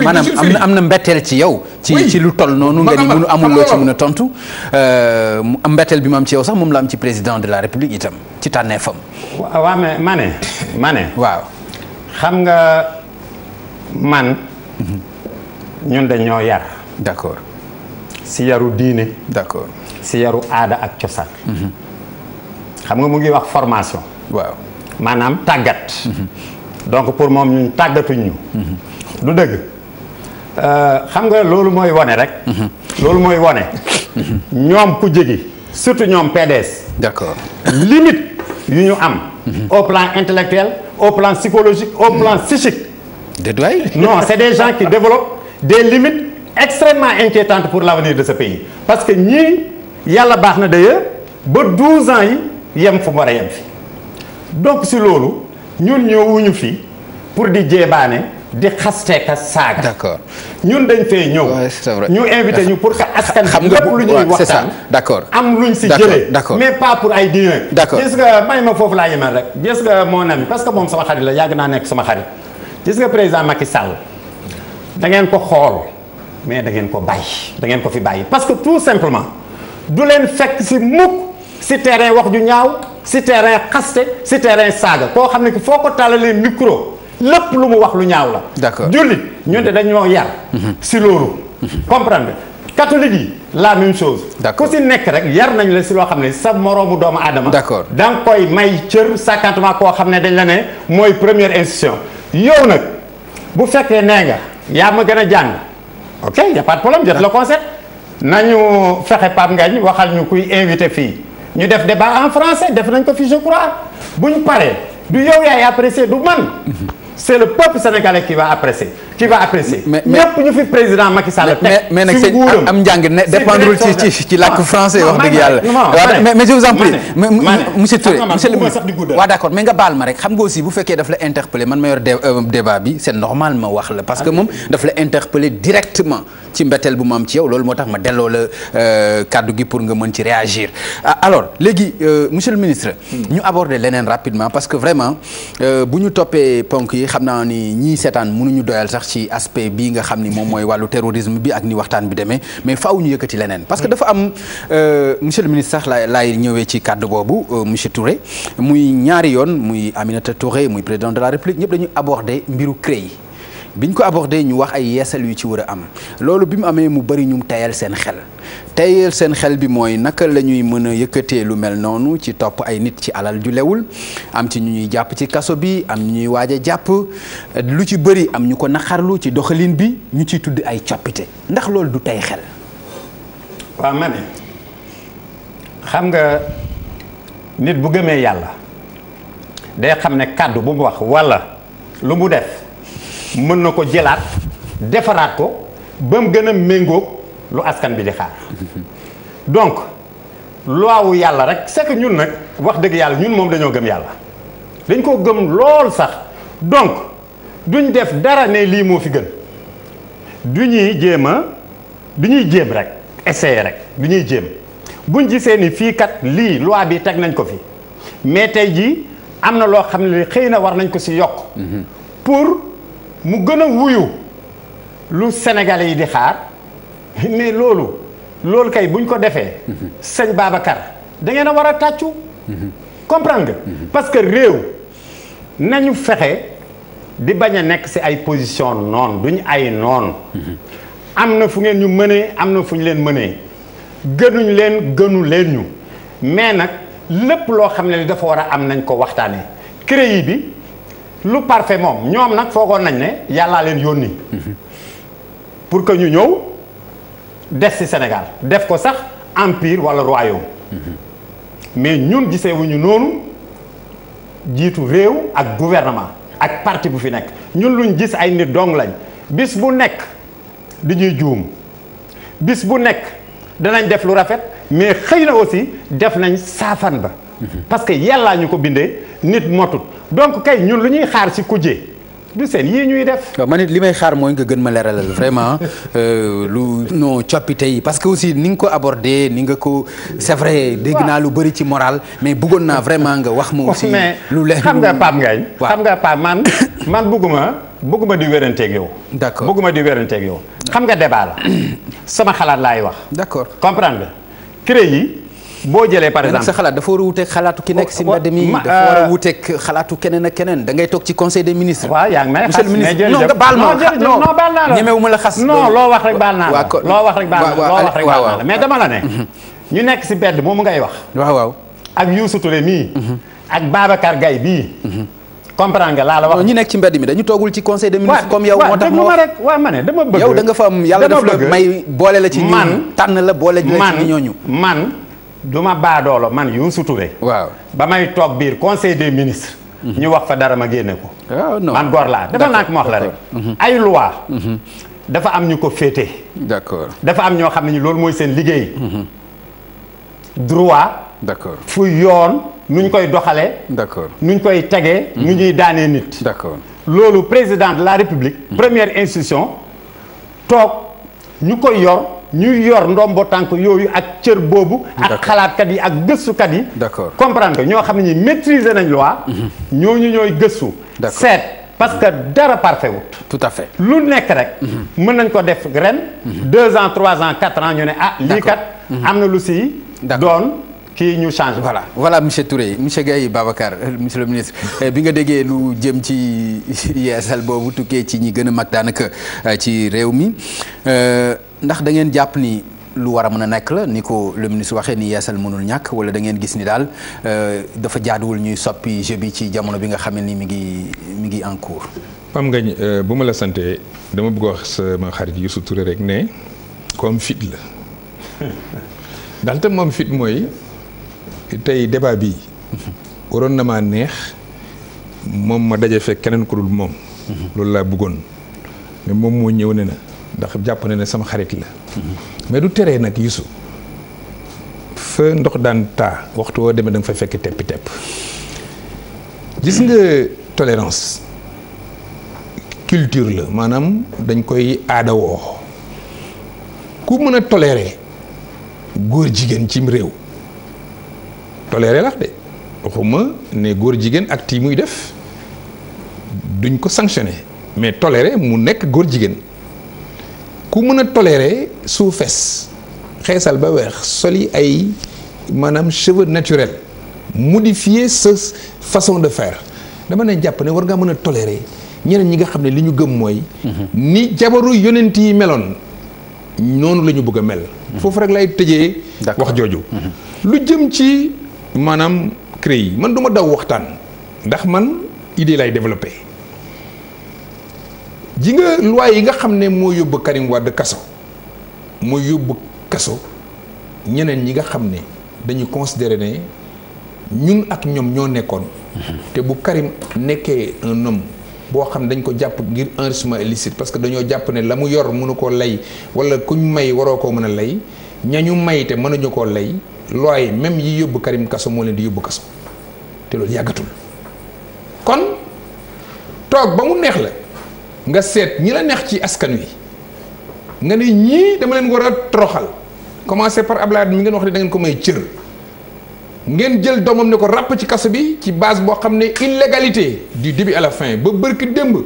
maanaam am na mbetteel ci yow. ci lu toll noonu. nga ni mënu amul loo ci mën a tontu. Euh, mu am bi mu ci yow sax moom la am ci président de la république itam ci tànneefam. waaw mais ma ne waaw xam nga man. Mhm. ñun dañoo yar. d' accord. si yaru diine. d' accord. si yaru aada ak cosaan xam nga mu ngi wax formation waaw maanaam tàggat donc pour moom ñun tàggatuñ ñu mhm. du dëgg euh, xam nga loolu mooy wone rek mhm. loolu mooy wone mhm. ñoom ku jegi surtout ñoom PDS d'accord limite yu ñu am au plan intellectuel au plan psychologique au plan psychique dédoy non c'est des gens qui développent des limites extrêmement inquiétantes pour l'avenir de ce pays parce que ñii yàlla baax na d'ailleurs ba 12 ans yi yem fa war a yem fi donc si loolu ñun ñëwuñu fi pour di jeebaane di xasteeka saaga. d'accord ñun dañ fee ñëw. ñu invité ñu pour que askan xam nga lu ñuy waxtaan d'accord am luñ si jëlee. mais pas pour ay diine. d'accord gis nga may ma foofu laa yemal rek gis nga mon ami parce que moom sama xarit la yàgg naa nekk sama xarit gis nga président Macky Sall da ngeen ko xool mais da ngeen ko bàyyi da ko fi bàyyi parce que du leen fekk si mukk si terrain wax ju ñaaw si terrain xaste si terrain saaga koo xam ne ki foo ko tàllalee micro lépp lu mu wax lu ñaaw la. d'accord jullit ñun de dañoo yar. Mhm. si loolu. comprendre catholique yi la même chose. ku si nekk rek yar nañ la si loo xam ne sa moroomu doomu aadama. d'accord da nga koy may cër sàkkantement koo xam ne dañ la ne mooy première institution. yow nag bu fekkee nee nga yaa ma gën a jàng ok y a pas la concept nañu fexe Pape Ngagne waxal ñu kuy invité fii ñu def débat en français def nañ ko fi je crois buñ paree du yow yaay apprécier du man mhm. c'est le peuple sénégalais qui va apprécier qui va apprécier. mais ñëpp ñu fi président Macky Sall. mais nag sëñ am njàng ne dépendre ci ci ci làkk français wax dëgg yàlla. mais mais je vous en prie. ma monsieur Touré monsieur le ministre waaw d' accord mais nga baal ma rek xam nga aussi bu fekkee daf la interpellé man ma yor euh, débat bi c' est normal ma wax la. parce que ah, moom daf la interpellé directement ci mbetteel bu ma am ci yow loolu moo tax ma delloo la euh, kàddu gi pour nga mën ci réagir. Ah, alors léegi euh, monsieur le ministre. Hmm. ñu aborder leneen rapidement parce que vraiment bu ñu toppee ponk yi xam naa ni ñii seetaan mënuñu doyal sax ci aspect bii nga xam ni moom mooy wàllu terrorisme bi ak ni waxtaan bi demee mais faaw ñu yëkkati leneen parce que dafa am euh, monsieur le ministre sax laay laay ñëwee ci kàddu boobu euh, monsieur Touré muy ñaari yoon muy Aminata Touré muy président de la République ñëpp dañu aborder mbiru CREI biñ ko abordé ñu wax ay yeesal yu ci war a am loolu bi mu amee mu bari ñu teyal seen xel tayal seen xel bi mooy naka lañuy mën a yëkkatee lu mel noonu ci topp ay nit ci alal ju lewul am ci ñu ñuy jàpp ci kaso bi am ñu ñuy waaj a jàpp lu ci bari am ñu ko naqarlu ci doxalin bi ñu ciy tudd ay coppite ndax loolu du tey xel. waaw ma xam nga nit bu gëmee yàlla day xam ne kàddu bu mu wax walla lu mu def. mën na ko jëlaat defaraat ko ba mu gën a méngoog lu askan bi di xaar donc loi yàlla rek c'est ñun nag wax dëgg yàlla ñun moom dañoo gëm yàlla dañ ko gëm lool sax donc duñ def dara ne lii moo fi gën du ñuy jéem a du ñuy jéem rek essayer rek du ñuy jéem buñ gisee ni fii kat lii loi bi teg nañ ko fi mais tey jii am na loo xam ne xëy na war nañ ko si yokk mm-hmm. pour mu gën a wuyu lu sénégalais yi di xaar mais loolu loolu kay buñ ko defee sëñ Babacar da ngeen a war a tàccu comprendre nga parce que réew nañu fexe di bañ a nekk ci ay position noon duñ ay noon am na fu ngeen ñu mënee am na fu ñu leen mënee gënuñ leen gënu leen ñu mais nag lépp loo xam ne dafa war a am nañ ko waxtaanee CREI bi lu parfait moom ñoom nag foogoon nañ ne yàllaa leen yónni pour que ñu ñëw des ci Sénégal def ko sax empire walla royaume mais ñun gisewuñu noonu jiitu réew ak gouvernement ak parti bu fi nekk ñun luñ gis ay nit dong lañ bis bu nekk di dañuy juum bis bu nekk danañ def lu rafet mais xëy na aussi def nañ saafan ba parce que yàllaa ñu ko bindee nit motut donc kay ñun lu ñuy xaar ci kujje du seen yii ñuy def. waaw man it li may xaar mooy nga gën ma leeralal vraiment euh, lu non coppite yi parce que aussi ni nga ko abordé ni nga ko c'est vrai dégg naa lu bëri ci moral mais bëggoon naa vraiment nga wax ma aussi. lu leer xam nga Pape Ngagne. xam nga Pape man man bëgguma bëgguma di wéranteeg yow. d'accord bëgguma di wéranteeg yow. xam nga débat la sama xalaat laay wax. d'accord comprendre nga yi. boo jëlee par exemple sa xalaat dafa war a wuuteeg xalaatu ki nekk si oh, mbedd mi dafa war a euh, wuuteeg xalaatu keneen ak keneen da ngay toog ci conseil de ministres. waaw yaa ngi may xas mais jërëjëf monsieur le ministre non nga baal ma non baal naa la ma dama la mhm. ñu nekk si mbedd moomu ngay wax. waaw waaw ak Youssou Touré mii. Mhm. ak bii. Mhm. comprendre nga la wax. ñu nekk ci mbedd mi dañu toogul ci conseil des ministres. comme yow moo tax ma rek waaw ma da nga fa am yàlla daf la may boole la ci ñooñu. man tànn la boole la ci ñooñu man du ma baadoolo man Youssou Touré. waaw ba may toog biir conseil des ministre mhm. ñu wax fa dara ma génne ko. Ah, man góor laa dafa naa ko ma wax la rek. Mhm. ay loi mhm. dafa am ñu ko féete. d'accord dafa am ñoo xam ne ñi loolu mooy seen liggéey. droit. d'accord fu yoon nu ñu koy doxalee. d'accord nu ñu koy tegee. nu ñuy daanee nit. d'accord loolu président de la république. première institution toog ñu koy yor. ñuy yor ndombo tànk yooyu ak cër boobu ak xalaatkat yi ak gëstukat yi d'accord comprendre que ñoo xam ne ñi maîtriser nañ loi mhm. ñu ñooy gëstu seet parce que dara parfait wut tout à fait lu nekk rek mhm. mën nañ ko def ren mhm. deux ans trois ans quatre ans ñu ne ah lii kat am na lu si doon kii ñu change voilà voilà monsieur Touré monsieur Gaye Babacar euh, monsieur le ministre euh, bi nga déggee lu jëm ci yeesal boobu tukkee ci ñi gën a mag daanaka euh, ci réew mi ndax da ngeen jàpp ni lu war a mën a nekk la ni ko le ministre waxee ni yeesal mënul ñàkk wala da ngeen gis ni daal euh, dafa jaaduwul ñuy soppi jeu bi ci jamono bi nga xam ne ni mi ngi mi ngi en cours. nga Ngañ euh, bu ma la santee dama bëgg wax sama xarit Youssou rek ne comme fit la daal moom fit mooy tey débat bi waroon na maa neex moom ma daja fekk keneen ko dul moom. Mm-hmm. loolu laa bëggoon mais moom moo ñëw ne na. ndax jàpp na ne sama xarit la mais du teree nag yusu fa ndox daan taa waxtu woo deme da fa fekk teppi tepp gis nga tolérance culture la maanaam dañ koy aadawoo ku mën a tolérer góor jigéen cim réew tolere lax de waxuma ne góor jigéen ak tii muy def duñ ko sanctionner mais tolere mu nekk góor jigéen ku mën a tolérer fees xeesal ba weex soli ay maanaam cheveux naturels modifier sa façon de fair dama ne jàpp ne war ngaa mën a tolérer ñeneen ñi nga xam ne li ñu gëm mooy. ni jabaru yonent yi meloon noonu la ñu bëgg a mel. foofu rek lay tëjee. wax jooju. Mhm. lu jëm ci maanaam CREI man duma daw waxtaan ndax man idée lay développé. ji nga loi yi nga xam ne moo yóbbu Karim Wade kaso moo yóbbu kaso ñeneen ñi nga xam ne dañu considéré ne ñun ak ñoom ñoo nekkoon mhm. te bu Karim nekkee un boo xam dañ ko jàpp ngir suma illicite parce que dañoo jàpp ne la mu yor mënu koo lay wala kuñ may waroo koo mën a lay ñañu may te mënuñu koo lay loi yi même yi yóbbu Karim kaso moo leen di yóbbu kaso te loolu yàggatul kon toog ba mu neex la nga seet ñi la neex ci askan wi nga ne ñii dama leen war a toroxal commencé par Abdoulaye mi ngeen wax ne da ngeen ko may cër ngeen jël doomam ne ko ràpp ci kaso bi ci base boo xam ne illégalité du début à la fin ba bërki démb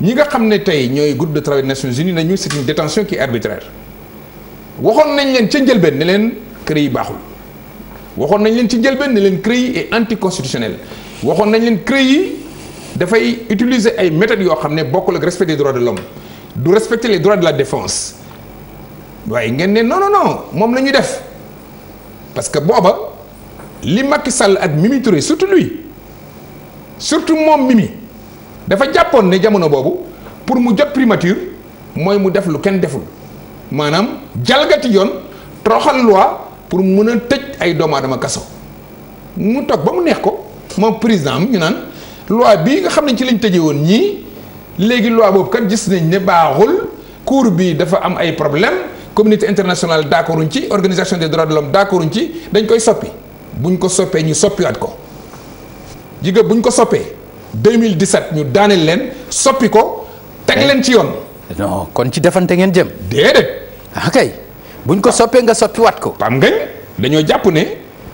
ñi nga xam ne tey ñooy groupe de travail des Nations Unies nañu c'est une détention qui est arbitraire waxoon nañ leen ca njëlbeen ne leen CREI yi baaxul waxoon nañ leen ci njëlbeen ne leen CREI yi est anticonstitutionnel waxoon nañ yi dafay utiliser ay méthodes yoo xam ne bokkul ak respect des droits de l'homme du respecter les droits de la défense waaye ngeen ne non non moom la ñu def parce que booba li Macky Sall ak Mimi Touré surtout lui surtout moom Mimi dafa jàppoon ne jamono boobu pour mu jot primature mooy mu def lu kenn deful maanaam jalgati yoon troxal loi pour mu mun a tëj ay doomu aadama kaso mu toog ba mu neex ko moom président am ñu naan. loi bi nga xam ne ci lañ tëjee woon ñii léegi loi boobu kan gis nañ ne baaxul cour bi dafa am ay problème communauté internationale d'accorduñ ci organisation des droits de l'homme d'accorduñ ci dañ koy soppi buñ ko soppee ñu soppiwaat ko jigéen buñ ko soppee 2017 ñu daaneel leen soppi ko teg leen ci yoon. non kon ci defante ngeen jëm. déedéet. ah kay buñ ko soppee nga soppiwaat ko. pam ngañ dañoo jàpp ne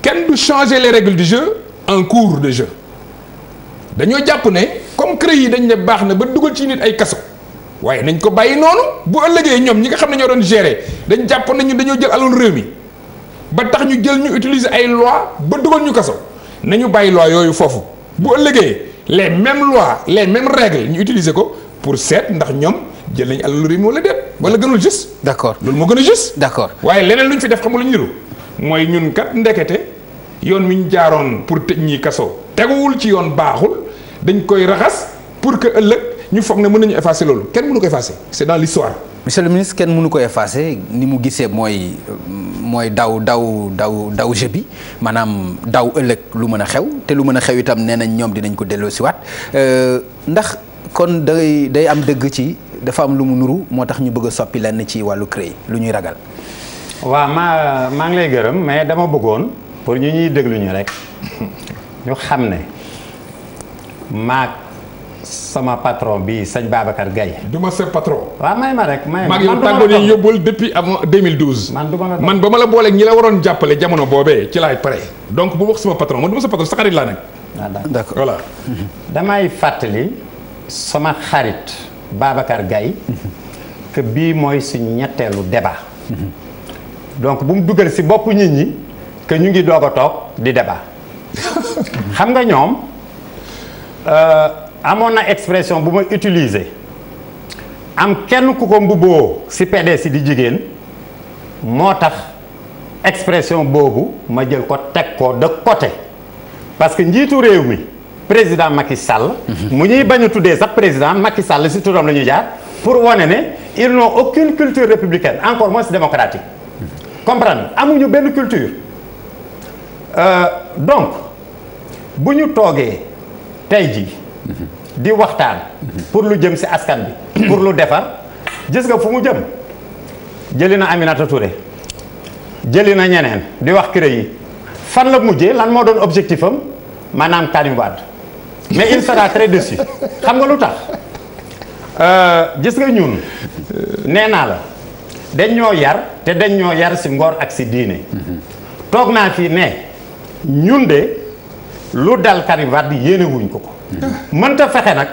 kenn du changer les règles du jeu en cours de jeu. dañoo jàpp ne comme CREI yi dañ ne baax na ba dugal ci nit ay kaso waaye nañ ko bàyyi noonu bu ëllëgee ñoom ñi nga xam ne ñoo doon gérer dañ jàpp nañu dañoo jël alal réew mi ba tax ñu jël ñu utiliser ay loi ba dugal ñu kaso nañu bàyyi loi yooyu foofu bu ëllëgee les mêmes lois les mêmes règles ñu utiliser ko pour seet ndax ñoom jël nañ alal réew mi wala déet wala gënul juste. d'accord loolu moo gën a juste. d'accord waaye leneen lu ñu fi def xam nga lu ñu niru mooy ñun kat ndekete. yoon wi ñu jaaroon pour tëj ñi kaso teguwul ci yoon baaxul dañ koy raxas pour que ëllëg ñu foog na mën nañu effacer loolu kenn mënu ko effacer c'est dans l'histoire monsieur le ministre kenn mënu ko ni mu gisee mooy mooy daw daw daw daw jeu bi maanaam daw ëllëg lu mën a xew te lu mën a xew itam nee nañ ñoom dinañ ko delloosiwaat euh, ndax kon day day am dëgg ci dafa am lu mu nuru moo tax ñu bëgg a soppi lenn ci wàllu CREI lu ñuy ragal. waaw maa maa ngi lay gërëm mais dama bëggoon. pour ñu ñuy déglu ñu rek ñu xam ne maag sama patron bi sëñ baabakar Gaye du ma sa patron. waaw may ma rek may ma man yow tàggoo nañu yóbbul man du la man ba ma la booleeg ñi la waroon jàppale jamono boobee ci laay pare. donc bu wax sama patron man du ma sa patron sa xarit laa nag. Ah, d'accord voilà. damay fàttali sama xarit Babacar Gaye que bii mooy suñ ñetteelu débat. Mhm. mu dugal si bopp nit ñi. que ñu ngi doog a toog di débat xam nga ñoom euh, amoon na expression bu ma utiliser am kenn ku ko mbubboo si PDS di jigéen moo tax expression boobu ma jël ko teg ko de côté parce que njiitu réew mi président Macky Sall. Mhm. mu ñuy bañ a tuddee sax président Macky Sall si turam la ñu jaar pour wone ne ils n'ont aucune culture républicaine encore moins démocratique mhm. comprendre amuñu benn culture. Euh, donc bu ñu toogee tey jii di waxtaan pour lu jëm si askan bi pour lu defar gis nga fu mu jëm jëli na Aminata Touré jëli na ñeneen di wax këré yi fan la mujjee lan moo doon objectif am maanaam Karim mais il sera très déçu xam nga lu tax euh, gis nga ñuul nee naa la dañ ñoo yar te dañ ñoo yar si ngoor ak si diine toog naa fii ne ñun de lu dal Karim Wade yéene wuñ ko ko. mënta fexe nag.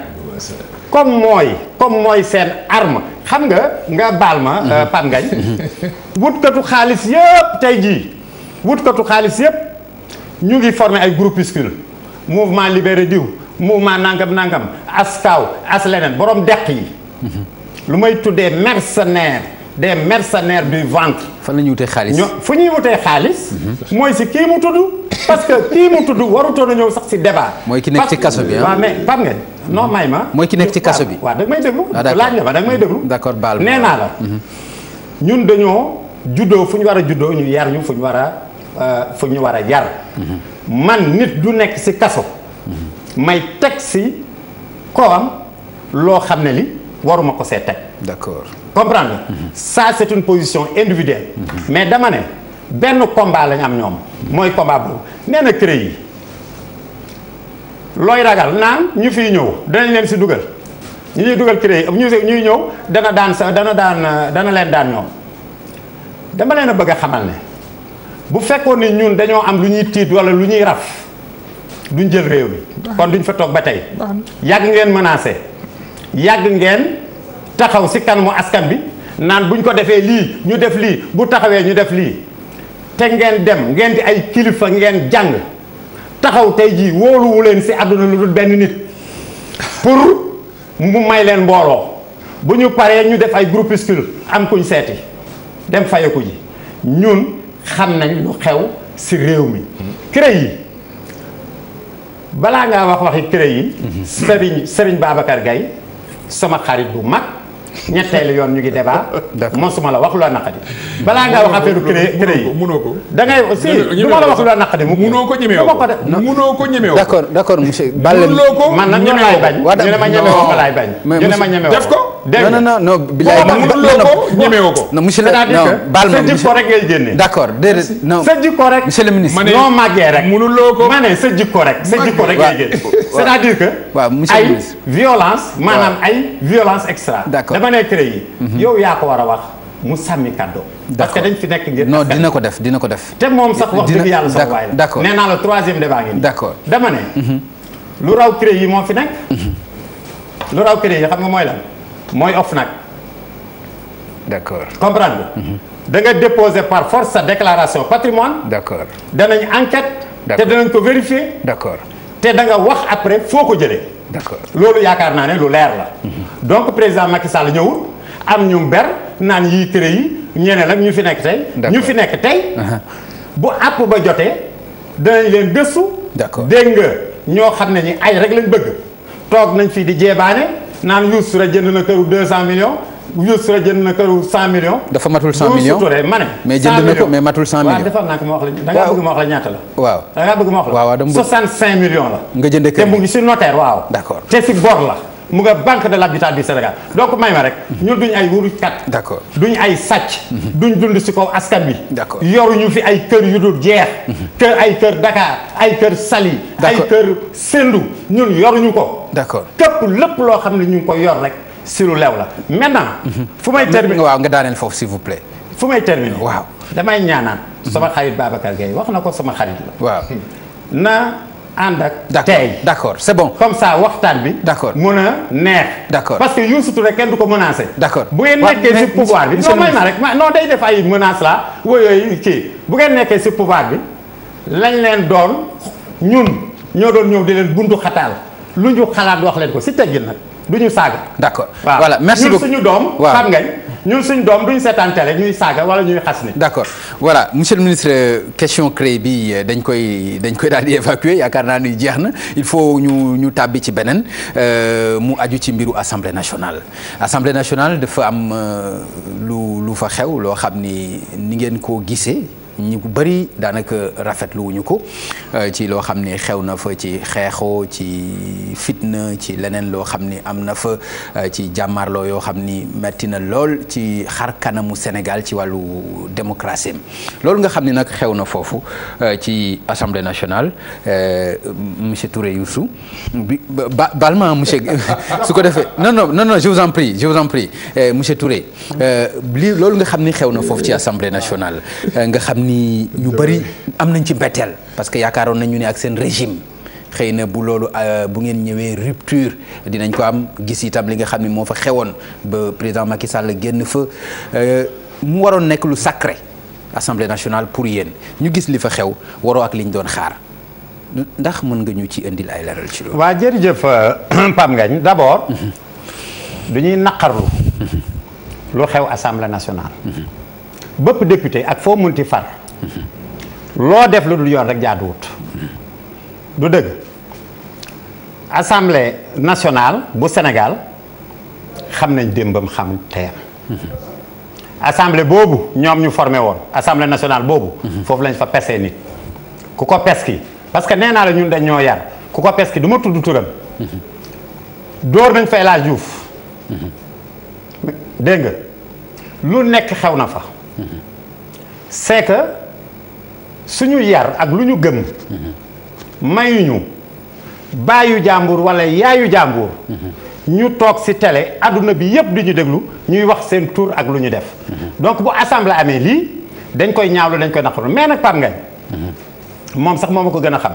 comme mooy comme mooy seen arme xam nga nga baal ma. Euh, Pam wutkatu xaalis yëpp tey jii wutkatu xaalis yëpp ñu ngi former ay groupuscule mouvement libéré diw mouvement nangam nangam as kaaw as leneen borom deq yi. Mhm. lu may tuddee mercenaire. des mercenaires du ventre. fan la ñuy wutee xaalis ñoo fu ñuy wutee xaalis. mooy si kii mu tudd. parce que kii mu tuddu warutoon a ñëw sax si débat. mooy ki nekk ci kaso bi ah. waaw mais par may ma. mooy ki nekk ci kaso bi waaw da may déglu. Ah, laaj nga ma danga nga may déglu. d'accord baal nee naa la. Mhm. ñun dañoo juddoo fu ñu war a juddoo ñu yar ñu fu ñu war a euh, fu ñu war a yar. Mhm. man nit du nekk si kaso. Mhm. may teg si kowam loo xam ne li. waruma ko see teg. d'accord comprendre mhm. ça c'est une position individuelle. Mhm. mais dama ne benn combat lañ am ñoom. mooy combat boobu nee na CREI yi looy ragal naan ñu fi ñëw danañ leen si dugal ñu ñuy dugal CREI yi ñu ñuy ñëw dana daan sa dana daan dana leen daan ñoom dama leen a bëgg a xamal ne bu fekkoon ni ñun dañoo am lu ñuy tiit wala lu ñuy raf duñ jël réew mi. kon duñ fa toog ba tey. yàgg ngeen menacé. yàgg ngeen taxaw si kanamu askan bi naan buñ ko defee lii ñu def lii bu taxawee ñu def lii te ngeen dem ngeen di ay kilifa ngeen jàng taxaw tey jii wóoluwu leen si àdduna lu dul benn nit pour mu may leen mbooloo bu ñu paree ñu def ay groupuscule am kuñ seeti dem fayeku ji ñun xam nañ lu xew si réew mi CREI yi balaa ngaa wax waxi CREI yi mhm. sëriñ sëriñ Babacar Gaye sama xarit bu mag ñetteelu yoon ñu ngi débat. mosuma la wax lu la naqadi. balaa ngaa wax affaire cré cré yi munoo ko da ngay aussi du ma la wax lu la naqadi. munoo ko ñemewoo ko munoo ko ñemewoo ko. d' accord d' accord monsieur. Balla ko man nag ñemewoo ko bañ. ñu ne ma ñemewoo ko laay bañ. ñu ne ma ñemewoo ko def ko. dégg nga non non non. bilaay ba munuloo ko ñemewoo ko. non monsieur le non baal ma monsieur sa jikko rek ngay génne. d' accord déedéet non sa jikko rek. monsieur le ministre noo màggee rek. munuloo ko ma ne sa jikko rek. sa jikko rek ngay génne. c' est à dire que. waaw monsieur le ministre ay violence maanaam ay violence extra. d' accord ma nee CREI yi. Mhm. yow yaa ko war a wax mu sàmmi kàddo. parce que dañ fi nekk ngir. non dina ko def dina ko def. te moom sax wax dëgg yàlla sax waay la d' accord nee naa la troisième débat ngi nii. d' accord dama ne. Mhm. lu raw CREI yi moo fi nekk. Mhm. lu raw CREI yi xam nga mooy lan mooy OFNAC. d' accord comprendre da nga déposer par force sa déclaration patrimoine. d' accord danañ enquête. te danañ ko vérifier. d' accord te da nga wax après foo ko jëlee. d'accord loolu yaakaar naa ne lu leer la. donc président Macky Sall ñëwul am ñu ber naan yii tërë yi ñeneen ak ñu fi nekk tey. ñu fi nekk tey. Uh-huh. bu àpp ba jotee danañ leen gëstu. d'accord dégg nga ñoo xam ne ñi ay rek lañ bëgg toog nañ fii di jeebaane naan Youssou rek jënd na këru 200 millions. Youssou jënd na këru 100 millions. dafa matul 100 millions mais jënd na ko mais matul 100 millions. waaw defal naa ko ma wax la da la ñaata la. waaw da ngaa bëgg ma wax la. waaw dama bëgg 65 millions la. nga jënd kër te mu ngi si notaire waaw. te si bor la. mu nga banque de l'habitat du Sénégal donc may ma rek ñun duñ ay wurukat. d'accord duñ ay sàcc. Mhm. duñ dund si kaw askan bi d'accord yoruñu fi ay kër yu dul jeex. Mhm. kër ay kër Dakar ay kër sali ay kër Sendou ñun yoruñu ko. d'accord képp lépp loo xam ne ñu ngi ko yor rek. si lu lew la maintenant. Mhm. fu may terminer waaw nga daaneel foofu si vous plaît. fu may terminer waaw damay ñaanaan. Mhm. sama xarit Babacar Gueye wax na ko sama xarit la. waaw na. ànd ak tey d'accord c'est bon. comme ça waxtaan bi. d'accord mu a neex. d'accord parce que Youssou Touré kenn du ko menacé. d'accord bu ngeen nekkee ci pouvoir bi. non may ma rek ma non day def ay menaces la woyooyu kii bu ngeen nekkee ci pouvoir bi lañ leen doon ñun ñoo doon ñëw di leen buntu xataal lu ñu wax leen ko ci teggin nag. du ñu saaga. d'accord voilà merci beaucoup ñun suñu doom. waaw xam nga ñun suñu doom duñu seetaan télé ñuy saaga wala ñuy xas ni. d'accord voilà monsieur le ministre euh, question CREI bi euh, dañ koy dañ koy daal di évacuer yaakaar naa ni jeex na il faut ñu ñu tàbbi ci beneen euh, mu aju ci mbiru assemblée nationale. assemblée nationale dafa am lu lu fa xew loo xam ni ni ngeen ko gisee. ñu bëri daanaka rafetlu wuñu ko euh, ci loo xam ni xew na fa ci xeexoo ci fitna ci leneen loo xam ni am na fa euh, ci jàmmarloo yoo xam ni metti na lool ci xar kanamu Sénégal ci wàllu démocratie loolu nga xam ni nag xew na foofu euh, ci assemblée nationale monsieur Touré Youssou bi ba baal ma monsieur su ko defee non non non non je vous Touré li loolu nga xam ni xew na foofu ci assemblée nationale nga xam ni ñu bëri am nañ ci mbetteel parce que yaakaaroon nañu ne ak seen régime xëy na bu loolu euh, bu ngeen ñëwee rupture dinañ ko am gis itam li nga xam ne moo fa xewoon ba président Macky Sall génn fa euh, mu waroon nekk lu sacré assemblée nationale pour yéen ñu gis li fa xew waroo ak liñ doon xaar ndax mën nga ñu ci indil ay leeral ci loolu. waa jërëjëf euh, Pape Ngagne d'abord. Mhm. du ñuy naqarlu. Mhm. lu xew assemblée nationale. Mhm. bëpp député ak foo munti far loo def lu dul yoon rek jaaduwut du dëgg assemblée national bu Sénégal xam nañ démbam xam teyam assemblée boobu ñoom ñu formé woon assemblée nationale boobu foofu lañ fa pesee nit ku ko peski parce que nee naa la ñun dañ ñoo yar ku ko peski du tudd turam dóor nañ fa El Hadj Diouf dégg nga lu nekk xew na fa c'est que suñu yar ak lu ñu gëm mayuñu baayu jàmbur wala yaayu jàmbur ñu toog ci tele àdduna bi yépp di ñu déglu ñuy wax seen tur ak lu ñu def donc bu assemblée amee lii dañ koy ñaawlu dañ koy naqaru mais nag Pape Ngagne moom sax moo ma ko gën a xam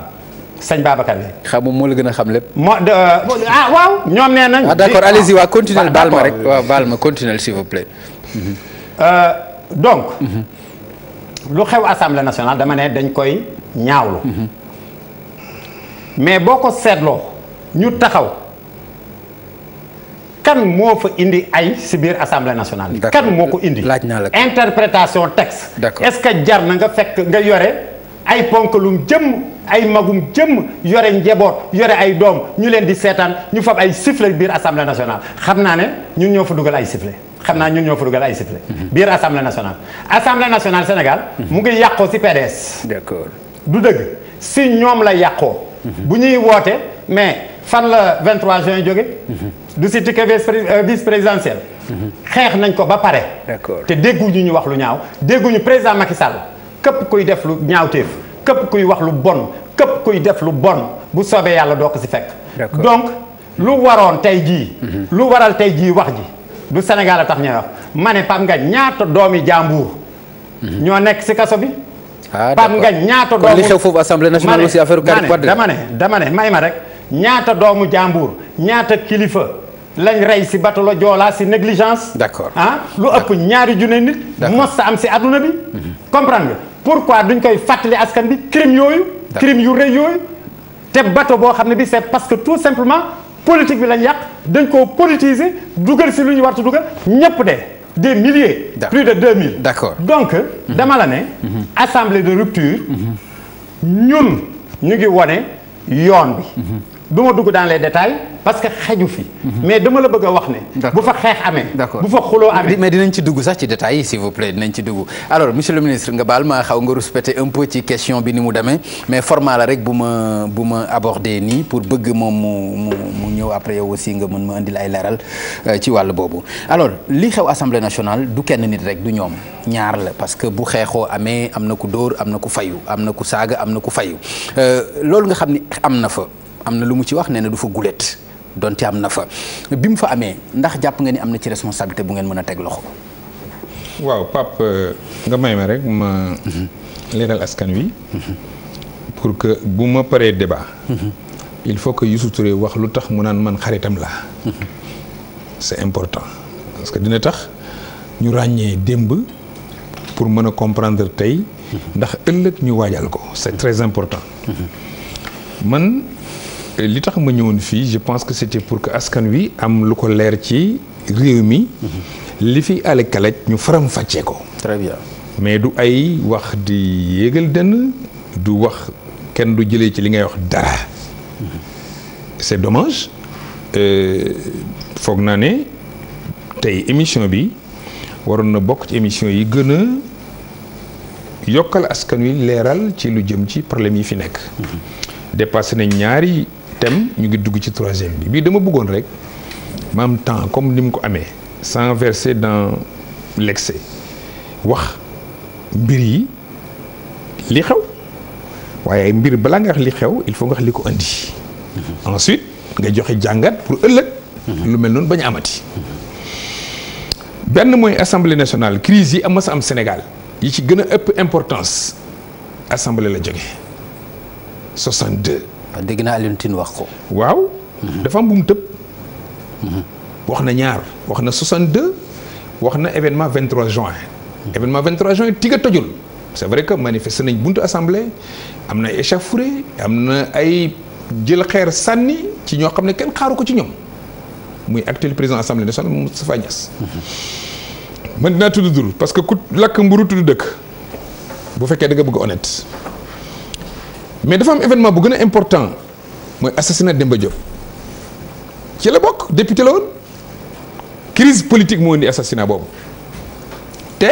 sëñ Babacar Gueye. xam moo la gën a xam lépp. moo euh, ah waaw ñoom nee nañ. ah d'accord allez waa continuez baal ma rek waaw baal ma continuez s'il vous plaît. Euh, donc lu xew assemblée nationale dama ne dañ koy ñaawlu mais boo ko seetloo ñu taxaw kan moo fa indi ay si biir assemblée nationale kan moo ko indi laaj naa la interprétation texte est-ce que jar na nga fekk nga yore ay ponkalum jëmm ay magum jëmm yore njeboot yore ay doom ñu leen di seetaan ñu fab ay sifflet biir assemblée nationale xam naa ne ñun ñoo fa dugal ay sifflet xam naa ñun ñoo fa dugal ay sifflet. biir assemblée nationale. mu ngi yàqoo si PDS. du dëgg si ñoom la yàqoo. bu ñuy woote mais fan la 23 juin jóge du si ticket vice euh, xeex nañ ko ba pare. d'accord te déggu ñu wax lu ñaaw dégguñu président Macky Sall képp kuy def lu ñaaw ñaawteef képp kuy wax lu bon képp kuy def lu bon bu soobee yàlla doo ko si fekk. donc lu waroon tey jii. Mhm. lu waral tey jii wax ji. du Sénégal a tax ñuy wax ma ne Pape Ngagne ñaata doomi jàmbur. Mhm. ñoo nekk ci kaso bi. ah Pape Ngagne ñaata doomu kon li xew foofu assemblée nationale aussi affaire dama ne dama ne may ma rek ñaata doomu jàmbur ñaata kilifa. lañ rey si bato la joolaa si négligence. d'accord ah lu ëpp ñaari junne nit. mos am si àdduna bi. Mhm. comprendre nga pourquoi duñ koy fàttali askan bi crime yooyu. crime yu rëy yooyu. te bato boo xam ne bi c'est parce que tout simplement. politique bi lañ yàq dañ koo politiser dugal si lu ñu wartu dugal ñëpp de des milliers plus de 2000 d'accord donc mhm. dama la ne mhm. assemblée de rupture mhm. ñun ñu ngi wone yoon bi du ma dugg dans les détails parce que xeju fi. Mhm. mais dama la bëgg wax ne. bu fa xeex amee. bu fa xuloo amee. mais dinañ ci dugg sax ci détails yi s'il vous plaît dinañ ci dugg alors monsieur le ministre nga baal ma xaw nga respecté un peu ci question bi ni mu demee mais format la rek bu ma bu ma abordé nii pour bëgg moom mu mu ñëw après yow aussi nga mën ma indil ay leeral euh, ci wàll boobu. alors li xew assemblée nationale du kenn nit rek du ñoom ñaar la parce que bu xeexoo amee am na ku dóor am na ku fayu am na ku saaga am na ku fayu euh, loolu nga xam ni am na fa. am na lu mu ci wax nee na du fa gulet donte am na fa bi mu fa amee ndax jàpp nga ni am na ci responsabilité bu ngeen mën a teg loxo. waaw Pape euh, nga may ma rek ma. Mhm. leeral askan wi. Mhm. pour que bu ma paree débat. Mhm. il faut que Youssou Touré wax lu tax mu naan man xaritam la c'est important parce que dina tax ñu ràññee démb pour mën a comprendre tey. ndax ëllëg ñu waajal ko c'est très important. man Euh, li tax ma ñëwoon fii je pense que c'était pour que askan wi am lu ko leer ci réew mi. Mhm. li fi ale ñu faram fàccee ko. très mais du ay wax di yéegal dënn du wax kenn du jëlee ci li ngay wax dara. Mhm. c'est dommage euh, foog naa ne tey émission bi waroon na bokk ci émission yi gën a yokkal askan wi leeral ci lu jëm ci problème yi fi nekk. Mhm. dépassé nañ ñaari. tem ñu ngi dugg ci troisième bi bii dama bëggoon rek ma am temps comme ni mu ko amee sans verser dans l'excès wax mbir yi li xew waaye mbir balaa nga wax li xew il faut nga wax li ko indi mm-hmm. ensuite nga joxe jàngat pour ëllëg mm-hmm. lu mel noonu bañ amati mm-hmm. benn mooy assemblée nationale crise yi am sa am Sénégal yi ci gën a ëpp importance assemblée la jóge dégg naa Alioune Tine wax ko. waaw. Mhm. dafa am bu mu tëb. Mhm. wax na ñaar wax na 62 wax na événement 23 juin. Mhm. événement 23 juin tiga tojul. c' vrai que manifester nañ buntu assemblée am na échauffourée am na ay jël xeer sànni ci ñoo xam ne kenn xaaru ko ci ñoom muy actuel président assemblée nationale Moustapha Niasse. man dinaa tudd dur parce que ku lakk mburu tudd dëkk bu fekkee da nga bëgg mais dafa am événement bu gën a important mooy assassinat Demba Diop ci la bokk député la woon crise politique moo indi assassinat boobu te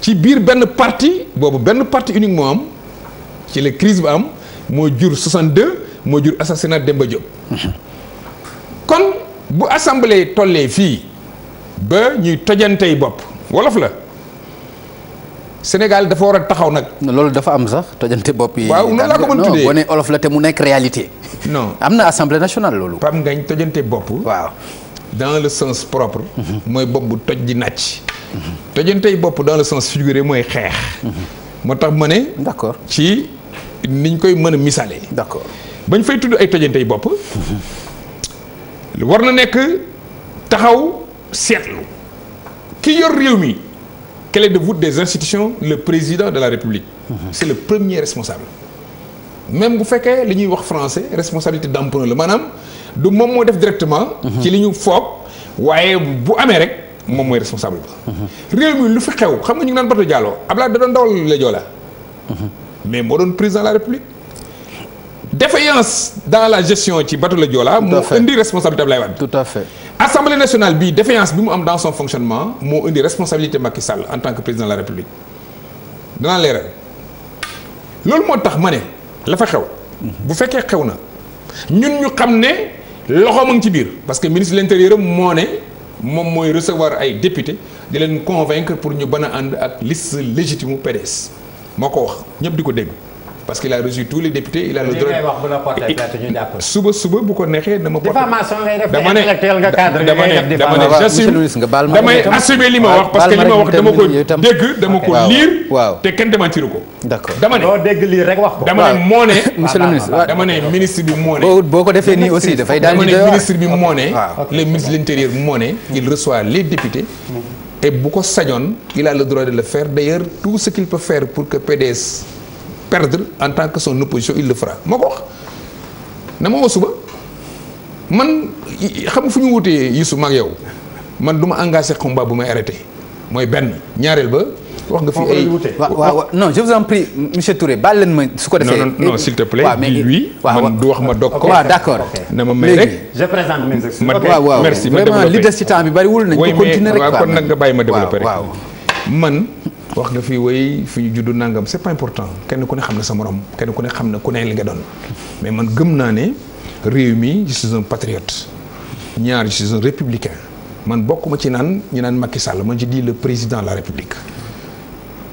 ci biir benn parti boobu benn parti unique moo am ci la crise ba am moo jur 62 moo jur assassinat Demba Diop kon bu assemblée tollee fii ba ñuy tojantey bopp wolof la Sénégal dafa war a taxaw nag. loolu dafa am sax tojante bopp yi. waaw noonu laa ko mën mu nekk réalité. non am na assemblée nationale loolu. PAM ngañ tojante bopp. waaw dans le sens propre. Mhm. mooy bopp bu toj di nàcc. Mhm. tojantey bopp dans le sens figuré mooy xeex. Mhm. moo tax ma ne. d'accord ci niñ koy mën a misaale. d'accord bañ fay tudd ay tojantey bopp. war na nekk taxaw seetlu ki yor réew mi. clé de voûte des institutions le président de la République. Mhm. c'est le premier responsable. même bu fekkee li ñuy wax français responsabilité d'emprunt la maanaam du moom moo def directement. Mhm. ci li ñu foog waaye bu amee rek moom mooy responsable ba. Mhm. réew mi lu fi xew xam nga ñu ngi naan Bato Diallo Abdoulaye da doon dawal la Joola mais moo doon président la République. défaillance dans la gestion ci bateau la Joola moo indi responsabilité Abdoulaye Wade tout à fait assemblée nationale bi défaillance bi mu am dans son fonctionnement moo indi responsabilité Macky Sall en tant que président de la république danaa leeral loolu moo tax ma ne la fa xew bu fekkee xew na ñun ñu xam ne loxo ma ngi ci biir parce que ministre de l'intérieur moo ne moom mooy recevoir ay député di leen convaincre pour ñu bën a ànd ak liste légitime PDS moo ko wax ñëpp di ko dégg parce qu'il a reçu tous les députés il a le droit suba suba bu ko neexee na ma porte dama ne dama ne dama ne damay assumer li ma wax parce que li ma wax dama ko dégg dama ko liir te kenn démentiru ko d'accord dama ne doo dégg ah, ministre bi moo boo ko defee nii aussi dafay daal di ministre bi moo ne le ministre de l'intérieur il mm-hmm. reçoit les députés mm-hmm. et bu ko sañoon il a droit de le faire d'ailleurs tout ce qu'il peut pour que PDS perdre en tant que son opposition il le fera moo ko wax na ma woo suba man xam fu ñu wutee su mag yow man du ma engagé combat bu may arrêté mooy benn ñaareel ba wax nga fi ay waaw non je vous en prie monsieur Touré ma su ko defee. non non s'il te plaît. oui man du wax ma dog ko. waaw d'accord na ma may rek. je présente mes excuses. ok merci ma développé vraiment li des ci temps bi bariwul nañ ko continuer rek. waaw kon nag nga bàyyi ma développé rek man. wax nga fi woy fi ñu juddu nangam c'est pas important kenn ku ne xam na sa moroom kenn ku ne xam na ku ne li nga doon mais man gëm naa ne réew mi je suis patriote ñaar je suis un républicain man bokkuma ci naan ñu naan Macky Sall man ci dis le président la république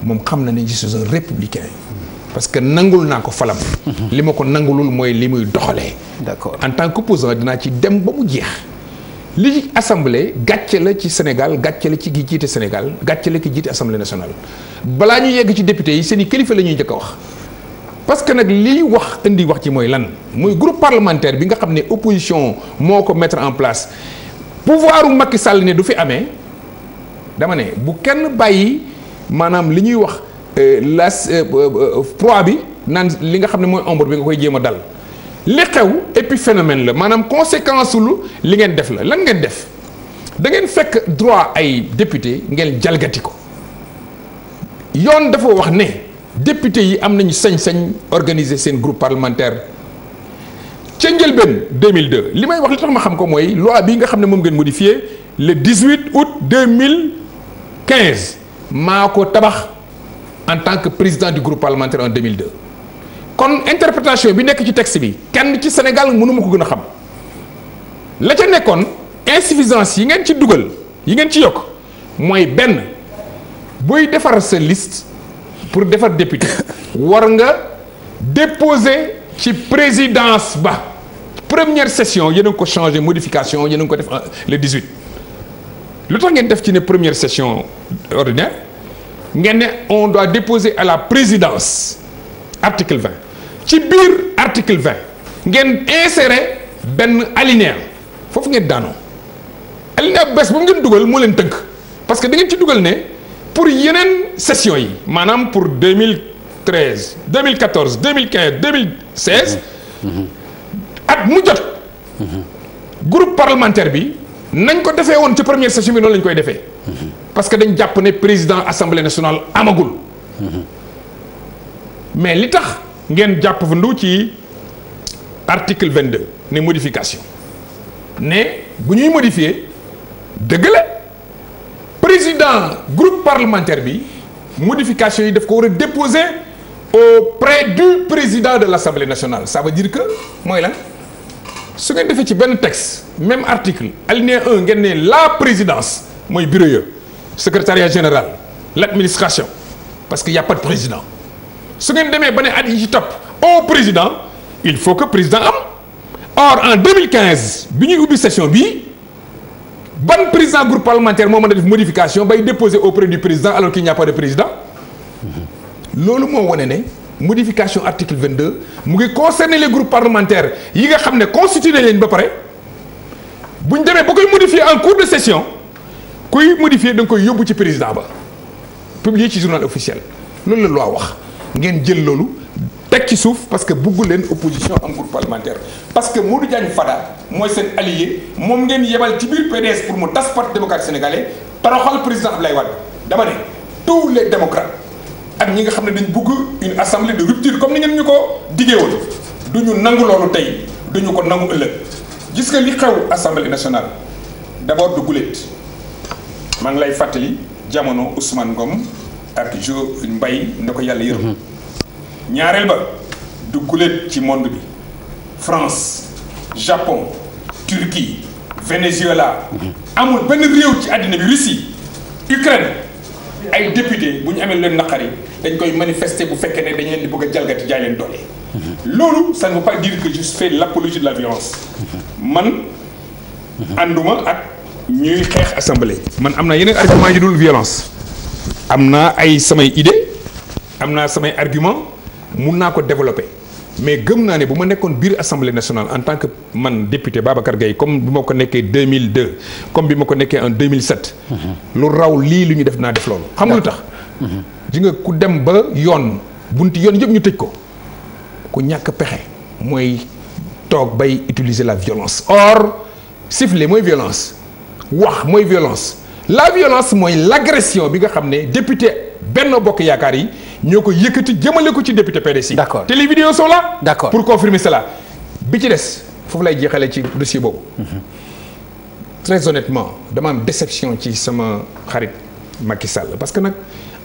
moom xam na ne je suis républicain parce que nangul naa ko falam li ma ko nangulul mooy li muy doxalee d'accord en tant qu'opposant dinaa ci dem ba mu jeex li assemblée gàcce la ci Sénégal gàcce la ci ki jiite Sénégal gàcce la ki jiite assemblée nationale balaa ñu yegg ci député yi seen i kilifa la ñuy njëkk wax. parce que nag li wax indi wax ci mooy lan mooy groupe parlementaire bi nga xam ne opposition moo ko mettre en place pouvoir u Macky Sall du fi amee dama ne bu kenn bàyyi maanaam li ñuy wax euh, las proie euh, euh, bi naan li nga xam ne mooy ombre bi nga koy jéema a dal. li xew épiphénomène la maanaam conséquence lu li ngeen def la lan ngeen def dangeen fekk droit ay député ngeen jalgati ko yoon dafa wax ne député yi am nañu sañ-sañ organiser seen groupe parlementaire ca njëlbeen 2002 li may wax li tax ma xam ko mooy loi bi nga xam ne moom ngeen modifié le 18 août 2015 maa ko tabax en tant que président du groupe parlementaire en kon interprétation bi nekk ci texte bi kenn ci Sénégal mënuma ko gën a xam la ca nekkoon insuffisance yi ngeen ci dugal yi ngeen ci yokk mooy benn booy defar sa liste pour defar député war nga déposer ci présidence ba première session yéen a ko changé modification yéen a ko def le 18 lu tax ngeen def ci ne première session ordinaire ngeen ne on doit déposer à la présidence article 20 ci biir article vingt ngeen insérer benn alinéa foofu ngeen daanoo alinéa bu bees bu ngeen dugal moo leen tënk parce que da ci dugal ne pour yeneen session yi maanaam pour deux mille treize deux mille quatorze deux mille quinze deux mille seize at mu jot groupe parlementaire bi nañ ko defee woon ci première session bi noonu lañ koy defee parce que dañ jàpp ne président assemblée nationale amagul mhm. mais li tax ngeen jàpp fa ndu ci article ni modification ne bu ñuy modifier dëgg la président groupe parlementaire bi modification yi daf ko war a déposé déposer auprès du président de l'Assemblée nationale ça veut dire que mooy lan su ngeen defee ci benn texte même article alinéa 1 ngeen ne la présidence mooy bureau ya secrétariat général l'administration parce que y a pas président su ngeen demee ba ne at yi ci tap au président il faut que président am or en 2015 bi ñuy ubbi session bi ban président groupe parlementaire moo mën a def modification bay déposer auprès du président alors qu'il n'y a de président loolu moo wane ne modification article 22 mu ngi concerner les groupe parlementaires yi nga xam ne constitué leen ba pare bu ñu demee ba koy modifier en cours de session kuy modifier da nga koy yóbbu ci président ba publier ci journal officiel loolu la loi wax. ngeen jël loolu teg ci suuf parce que bugg leen opposition am parlementaire parce que Modou Diagne Fada mooy seen allié moom ngeen yebal ci biir PDS pour mu tas parti démocrate sénégalais toroxal président lay Wade dama ne tous les démocrates ak ñi nga xam ne dañ bugg une assemblée de rupture comme ni ngeen ñu ko diggee woon du ñu nangu loolu tey du ñu ko nangu ëllëg gis nga li xew assemblée nationale d'abord du guléet maa ngi lay fàttali jamono Ousmane Ngom. ak jo mbay na ko yàlla yërëm ñaareel ba du guléet ci monde bi France Japon Turquie Venezuela amul benn réew ci àddina bi Russie Ukraine ay député bu ñu amee leen naqari dañ koy manifester bu fekkee ne dañ leen di bëgg a jalgati jaay leen doole. loolu ça ne veut pas dire que je fais l'apologie de la violence. man ànduma ak ñuy xeex assemblée. man am na yeneen argument yu dul violence. am naa ay samay idée am naa samay argument mun naa ko développer mais gëm naa ne bu ma nekkoon biir assemblée nationale en tant que man député Babacar Gueye comme bi ma ko nekkee 2002 comme bi ma ko nekkee en 2007. lu raw lii lu ñu def naa def loolu. xam nga lu tax. di nga ku dem ba yoon bunti yoon yëpp ñu tëj ko ku ñàkk pexe mooy toog bay utiliser la violence. or siffler mooy violence wax mooy violence. la violence mooy l'agression bi nga xam ne député benn Bokk Yaakaar yi ñoo ko yëkkati jëmale ko ci député PDS yi. d'accord te les vidéos sont là. d'accord pour confirmer cela bi ci des foofu lay jeexalee ci dossier boobu. Mhm. très honnêtement dama am déception ci sama xarit Macky Sall parce que nag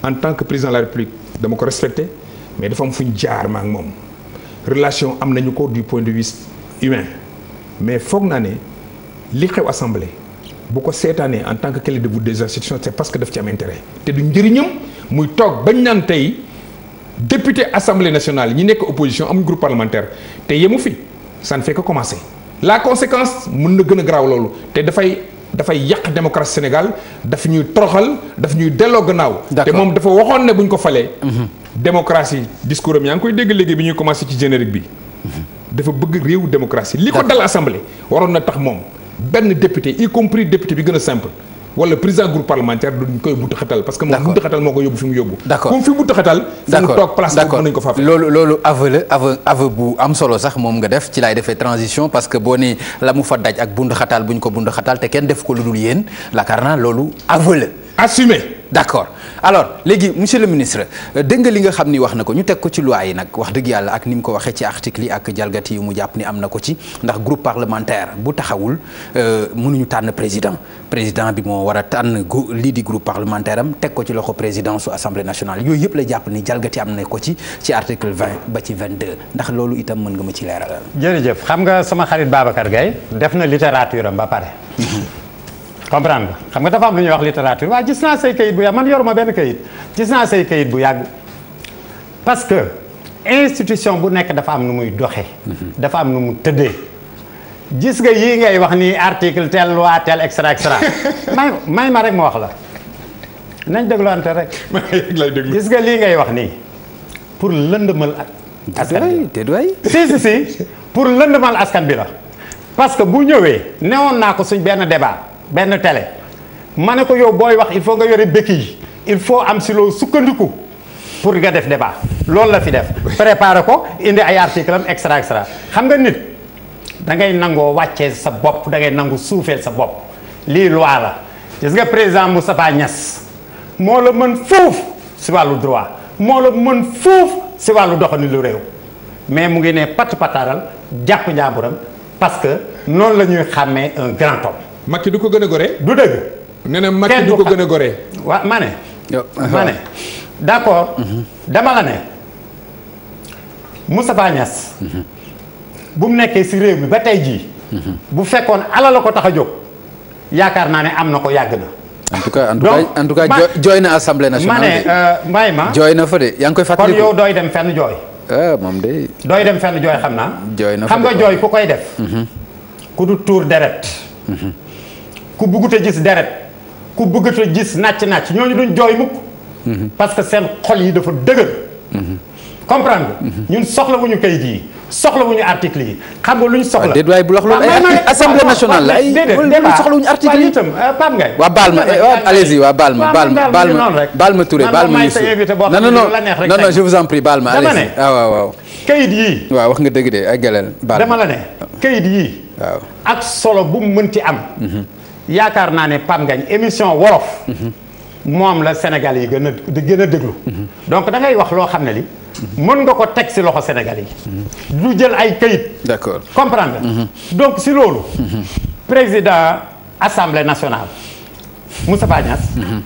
en tant que président la République dama ko respecté mais dafa am fu ñu jaar ma ak moom relation am nañu ko du de vue humain mais foog naa ne li xew assemblée. bu ko seetaanee en tant que clé de voûte des institutions c'est parce que daf ci am intérêt te du njëriñam muy toog bañ naan tey député assemblée nationale ñi nekk opposition am groupe parlementaire te yemu fi ça ne fait que commencer la conséquence mën na gën a garaaw loolu te dafay dafay yàq démocratie Sénégal dafa ñuy toroxal daf ñuy delloo gannaaw. te moom dafa waxoon ne bu ñu ko falee. Mhm. démocratie discours am yaa ngi koy dégg léegi bi ñuy commencer ci générique bi. Mhm. dafa bëgg réew démocratie. li ko dal assemblée waroon na tax moom. benn député y compris député bi gën a simple wala président groupe parlementaire duñ koy buntu xatal parce que moom buntu xatal moo ko yóbbu fi mu yóbbu d'accord comme fi mu toog place mën loolu loolu aveu aveu bu am solo sax moom nga def ci laay defee transition parce que boo ne la mu fa daj ak buntu xatal bu ñu ko buntu xatal te kenn def ko lu dul yéen laakaar naa loolu aveu assumé d'accord alors léegi monsieur le ministre euh, dégg nga li nga xam ni wax na ko ñu teg ko ci loi yi nag wax dëgg yàlla ak ni mu ko waxee ci article yi ak jalgati yu mu jàpp ni am na ko ci ndax groupe parlementaire bu taxawul euh, mënuñu tànn président président bi moo war a tànn lii di groupe parlementaire am teg ko ci loxo président su assemblée nationale yooyu yëpp la jàpp ni jalgati am na ko ci ci article ba ci 22 ndax loolu itam mën nga ma ci leeral jërëjëf xam nga sama xarit Babacar Gaye def na littérature am ba pare. Mhm. comprendre xam nga dafa am lu ñuy wax littérature waaye gis naa say kayit bu yàgg man yoruma benn kayit gis naa say kayit bu yàgg parce que institution bu nekk dafa am nu muy doxee. Mhm. dafa am nu mu tëddee. gis nga yii ngay wax nii article tel loi tel extra extra may ma wax la nañ dégluwante rek. lay nga lii ngay wax nii pour lëndëmal askan bi si si si pour lëndëmal askan bi la parce que bu ñëwee newoon naa ko suñ benn débat. benn tele ma ne ko yow booy wax il faut nga yore békk yi il faut am si loo sukkandiku pour nga def débat loolu la fi def préparé ko indi ay article extra extra xam nga nit da ngay nangoo wàccee sa bopp da ngay nangu suufeel sa bopp lii loi la gis nga président Moustapha Niass moo la mën fuuf si wàllu droit moo la mën fuuf si wàllu doxani lu réew mais mu ngi ne patt pataaral jàpp njàmburam parce que noonu la ñuy xàmmee un grand homme Macky du ko gën a gore. du dëgg. nee na ko gën a gore. waaw maa ne. d' accord. ne Moustapha bu mu nekkee si réew mi ba tey jii. bu fekkoon ala ko tax a jóg yaakaar naa ne am na ko yàgg na. en tout en tout cas en tout cas jooy na assemblée nationale. ma ne euh, ma jooy na fa de yaa ngi koy fàttali. kon yow dooy dem fenn jooy. Ah, moom de. dooy dem fenn jooy xam naa. jooy na xam nga jooy ku koy def. Mhm. ku du tuur deret. Mhm. ku bëggut a gis deret ku bëggut a gis nàcc-nàcc ñooñu duñ jooy mukk mhm. parce que seen xol yi dafa dëgër mhm. comprendre mhm. ñun soxla wu ñu kayit yi soxla wu ñu article yi xam nga lu ñu soxla ah, déet waaye bu wax loolu ah, eh, ay ay soxla wu ñu article yi itam euh, Pape Ngaye ma euh, allez-y waa ma baal ma baal ma baal ma ma Youssou non non non non je vous en prie baal ma allez-y ah, waaw waaw waaw wax nga dëgg de ak galal baal la ne kayit yi waaw ak solo bu mu mën ci am yaakaar naa ne Pape Ngagne émission wolof. moom la Sénégal yi gën a gën a déglu. donc da ngay wax loo xam ne li. mën nga ko teg si loxo Sénégal yi. du jël ay kayit. d'accord comprendre mhm. donc si loolu. Mhm. président assemblée nationale Moustapha Niasse. Mhm.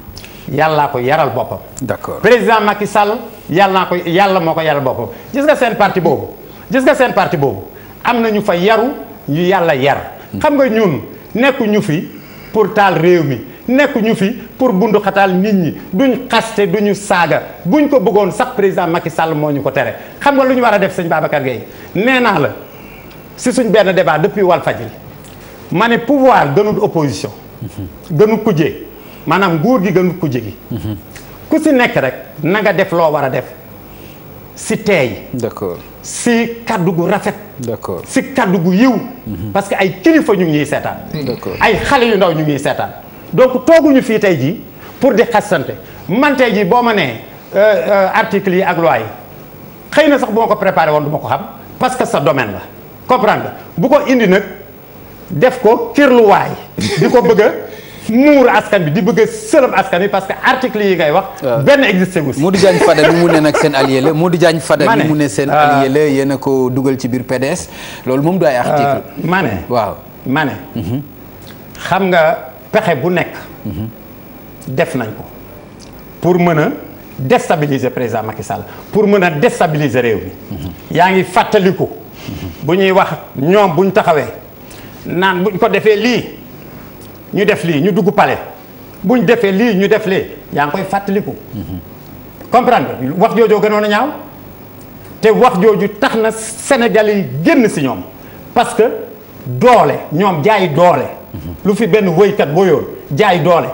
yàllaa ko yaral boppam. d'accord président Macky Sall yàllaa ko yàlla moo ko yàlla boppam gis nga seen parti boobu. gis nga seen parti boobu am na ñu fa yaru ñu yàlla yar. xam nga ñun nekku ñu fi. pour taal réew mi nekkuñu fi pour bundu xataal nit ñi duñ xaste duñu saaga buñ ko bëggoon sax président Macky Sall moo ñu ko tere xam nga lu ñu war a def sañ Babacar Gueye nee naa la si suñ benn débat depuis Walfadjri ma ne pouvoir gënul opposition gënul kujje maanaam nguur gi gënul kujje gi mhm. ku si nekk rek nanga def loo war a def si teey d'accord si kaddu gu rafet. d'accord si kaddu gu yiw. Mhm. parce que ay kilifa ñu ngi ñuy seetaan. ay xale yu ndaw ñu ngi seetaan. donc tooguñu fii tey jii pour di xasante man tey jii boo ma nee euh, euh, articles yi ak loi yi xëy na sax bu ma ko préparer woon du ko xam parce que sa domaine la comprendre nga bu ko indi nag def ko kirluwaay di ko bëgg muur askan bi di bëgg a sëlëm askan bi parce que article yi ngay wax. Euh, benn existé wu si. Modou Diagne Fada bi mu ne nag seen allié la Modou Diagne Fada. bi mu ne seen euh, allié la a ko dugal ci biir PDS loolu moom du ay article. Euh, ma ne waaw ma mhm. xam nga pexe bu nekk. Mhm. def nañ ko pour mën a déstabiliser président Macky Sall pour mën a déstabiliser réew mi. Mhm. yaa ngi fàttaliku. bu ñuy wax ñoom bu ñu taxawee naan bu ñu ko defee lii. ñu def lii ñu dugg palais buñ defee lii ñu def lee yaa ngi koy fàttaliku. comprendre wax joojoo gënoon a ñaaw te wax jooju tax na Sénégal yi génn si ñoom parce que doole ñoom jaay doole. lu fi benn wëykat boo jaay doole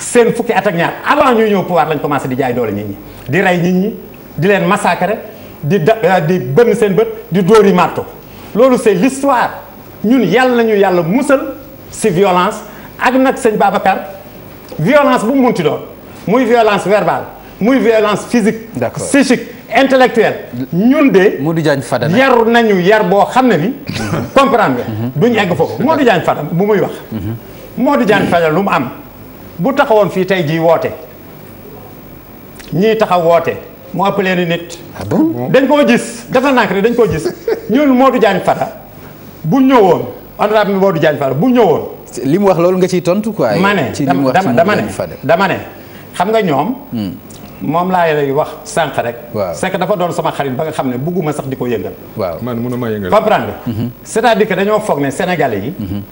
seen fukki at ak ñaar avant ñuy ñëw pouvoir lañ commencé di jaay doole nit ñi di rey nit ñi di leen massacrer di da euh, di bënn seen bët di dóori marto loolu c'est l'histoire ñun yàlla nañu yàlla musal si violence. ak nag sëñ Babacar violence bu mu munti doon muy violence verbale muy violence physique. d'accord psychique intellectuelle. ñun de. moo Modou Diagne Fada yaru nañu yar boo xam ne bi comprendre nga. Mhm. duñ egg foofu Modou Diagne Fada bu muy wax. Mhm. Modou lu mu am bu taxawoon fii tey jii woote ñii taxaw woote mu ëpp leen nit. Ah dañ koo gis dafa nànk rek dañ koo gis ñun du Diagne Fada bu ñëwoon honorable du Diagne Fada bu ñëwoon. li mu wax loolu nga ciy tontu quoi. ci li mu wax dama ne dama ne xam nga ñoom. Hmm. moom laa lay wax sànq rek. waaw c'est dafa doon sama xarit ba nga xam ne bugguma sax di ko yëngal. waaw man mënuma yëngal. comprendre nga. Hmm. c'est-à-dire que dañoo foog ne Sénégalais yi. Hmm.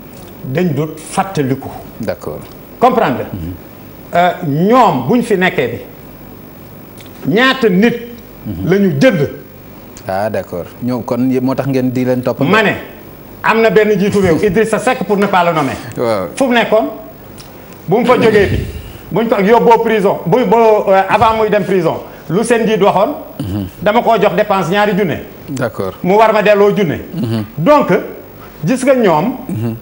dañ dut fàttaliku. d'accord comprendre nga. Euh, ñoom buñ fi nekkee bi ñaata nit. lañu ñu jënd. ah d'accord ñoom kon moo tax ngeen di leen topp. ma ne. am na benn jiitu réew sa Seck pour ne pas le nommer. waaw fu mu nekkoon bu mu fa jógee bi buñ ko yóbboo prison bu boo euh, avant muy dem prison lu seen njiit waxoon. Mhm. dama koo jox dépense ñaari junne. d'accord mu war ma delloo junne. Mhm. donc gis nga ñoom. Mhm.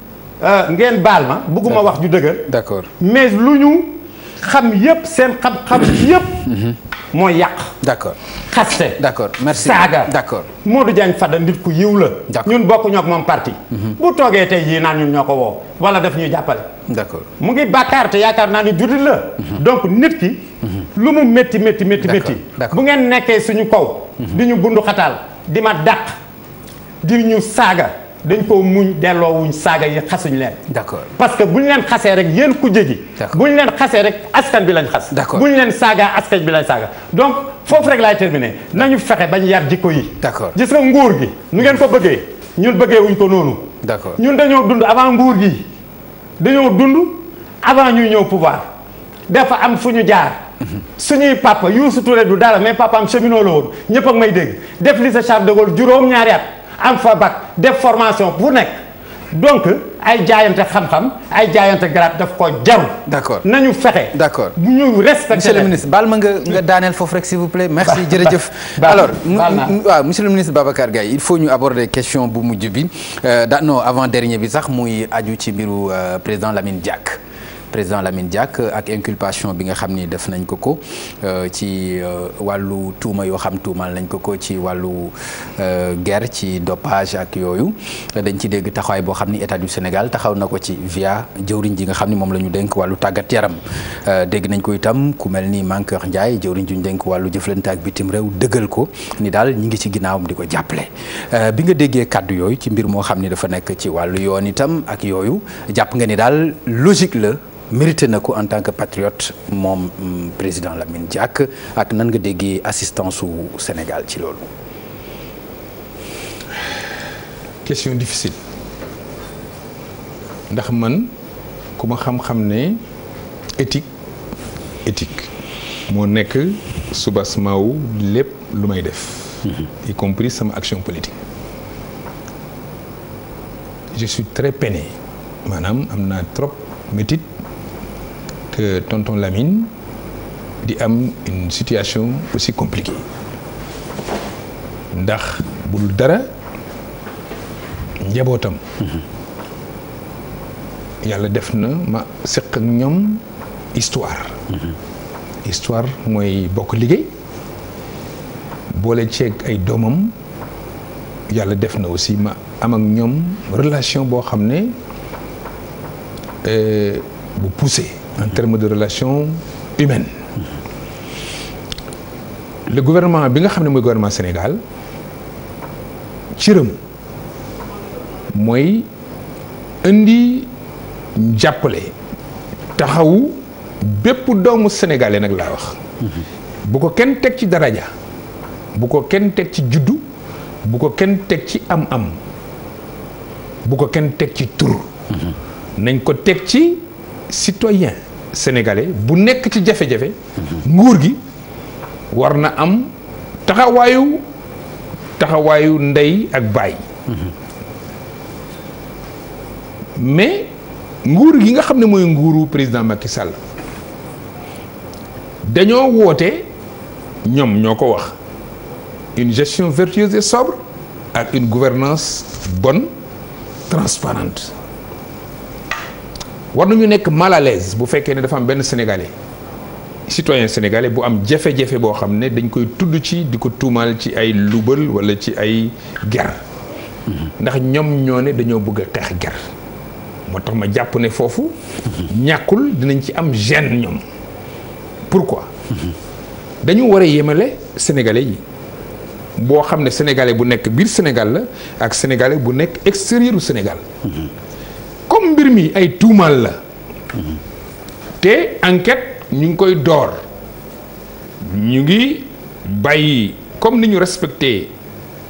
Euh, ngeen baal ma bëgguma wax ju dëgër. d'accord mais lu ñu xam yépp seen xam-xam yépp. mooy yàq. d' accord xaste. d' accord merci saaga. d' accord Modou Diagne Fada nit ku yiw la. ñun bokku ñoo ak moom parti. Mhm. bu toogee tey jii naan ñun ñoo ko wow wala daf ñuy jàppale. d' mu ngi bàkkaar te yaakaar naa ni jullit la. Mhm. donc nit ki. Mhm. lu mu métti métti métti métti. bu ngeen nekkee suñu kaw. di ñu bundu xataal di ma dàq di ñu saaga. dañ koo muñ delloowuñ saaga yi xasuñ leen. d'accord parce que bu ñu leen xasee rek yéen ku jegi bu ñu leen xasee rek askan bi lañ xas. d'accord bu ñu leen saaga askan bi lañ saaga donc foofu rek laay terminer nañu fexe bañ yar jikko yi. d'accord gis nga nguur gi nu ngeen ko bëggee ñun bëggee wuñ ko noonu. d'accord ñun dañoo dund avant nguur gi dañoo dund avant ñuy ñëw pouvoir dafa am fu ñu jaar. suñuy papa Youssou Touré du dara mais papaam cheminot la woon ñëpp may dégg def lycée Charles juróom-ñaari at. am fa bac def formation bu nekk donc ay jaayante xam-xam ay jaayante grade daf ko jaru d'accord nañu fexe. d'accord ñu respecté monsieur le ministre baal ma nga nga daaneel foofu rek s'il vous plaît. merci jërëjëf. alors waaw monsieur le ministre Babacar Gaye il faut ñu aborder question bu mujj bi euh, da non avant dernier bi sax muy aju ci mbiru euh, président Lamine Diack. président Lamine Diack ak inculpation bi nga xam ni def nañ ko ko euh, ci euh, wàllu tuuma yoo xam tuumal nañ ko ko ci wàllu euh, guerre ci dopage ak yooyu dañ ci dégg taxawaay boo xam ni état du Sénégal taxaw na ko ci via jëwriñ ji nga xam ni moom la ñu dénk wàllu tàggat yaram dégg nañ ko itam ku mel ni Mankeur Ndiaye jëwriñ ju ñu dénk wàllu jëflante ak bitim réew dëggal ko ni daal ñi ngi ci ginnaawam di ko jàppale bi nga déggee kàddu yooyu ci mbir moo xam ni dafa nekk ci wàllu yoon itam ak yooyu jàpp nga ni daal logique la mérité na ko en tant que patriote moom mm, président la Lamine Diack ak nan nga déggee assistance su Sénégal ci loolu. question difficile ndax man ku ma xam-xam ne éthique éthique moo nekk suba soubassement lépp lu may def. Mhm. y compris sama action politique. je suis très peiné maanaam am naa trop métit ak tonton Lamine di am une situation aussi compliquée ndax bu dul dara njabootam. yàlla def na ma seq ak ñoom histoire. histoire mooy bokk liggéey boole ceeg ay doomam yàlla def na aussi ma am ak ñoom relation boo xam ne euh, bu poussé. en de relation humaines le gouvernement bi nga xam ne mooy gouvernement Sénégal cëram mooy indi jàppale taxawu bépp doomu sénégalais nag laa wax bu ko kenn teg ci daraja bu ko kenn teg ci juddu bu ko kenn teg ci am-am bu ko kenn teg ci tur mhm. nañ ko teg ci citoyen sénégalais bu nekk ci jafe-jafe nguur gi war na am taxawaayu taxawaayu ndey ak baay mais nguur gi nga xam ne mooy nguuru président Macky Sall dañoo woote ñoom ñoo ko wax une gestion vertueuse et sobre ak une gouvernance bon transparente war nañu nekk mal bu fekkee ne dafa am benn sénégalais citoyen sénégalais bu am jafe-jafe boo xam ne dañ koy tudd ci di ko tuumaal ci ay lubal wala ci ay ger ndax ñoom ñoo ne dañoo bëgg a xeex ger moo tax ma jàpp ne foofu ñàkkul dinañ ci am gêne ñoom pour pourquoi dañu war a yemale sénégalais yi boo xam ne sénégalais bu nekk biir Sénégal la ak sénégalais bu nekk extérieur u Sénégal mbir mi ay tuumaal la te enquête ñu ngi koy door ñu ngi bàyyi comme ni ñu respecté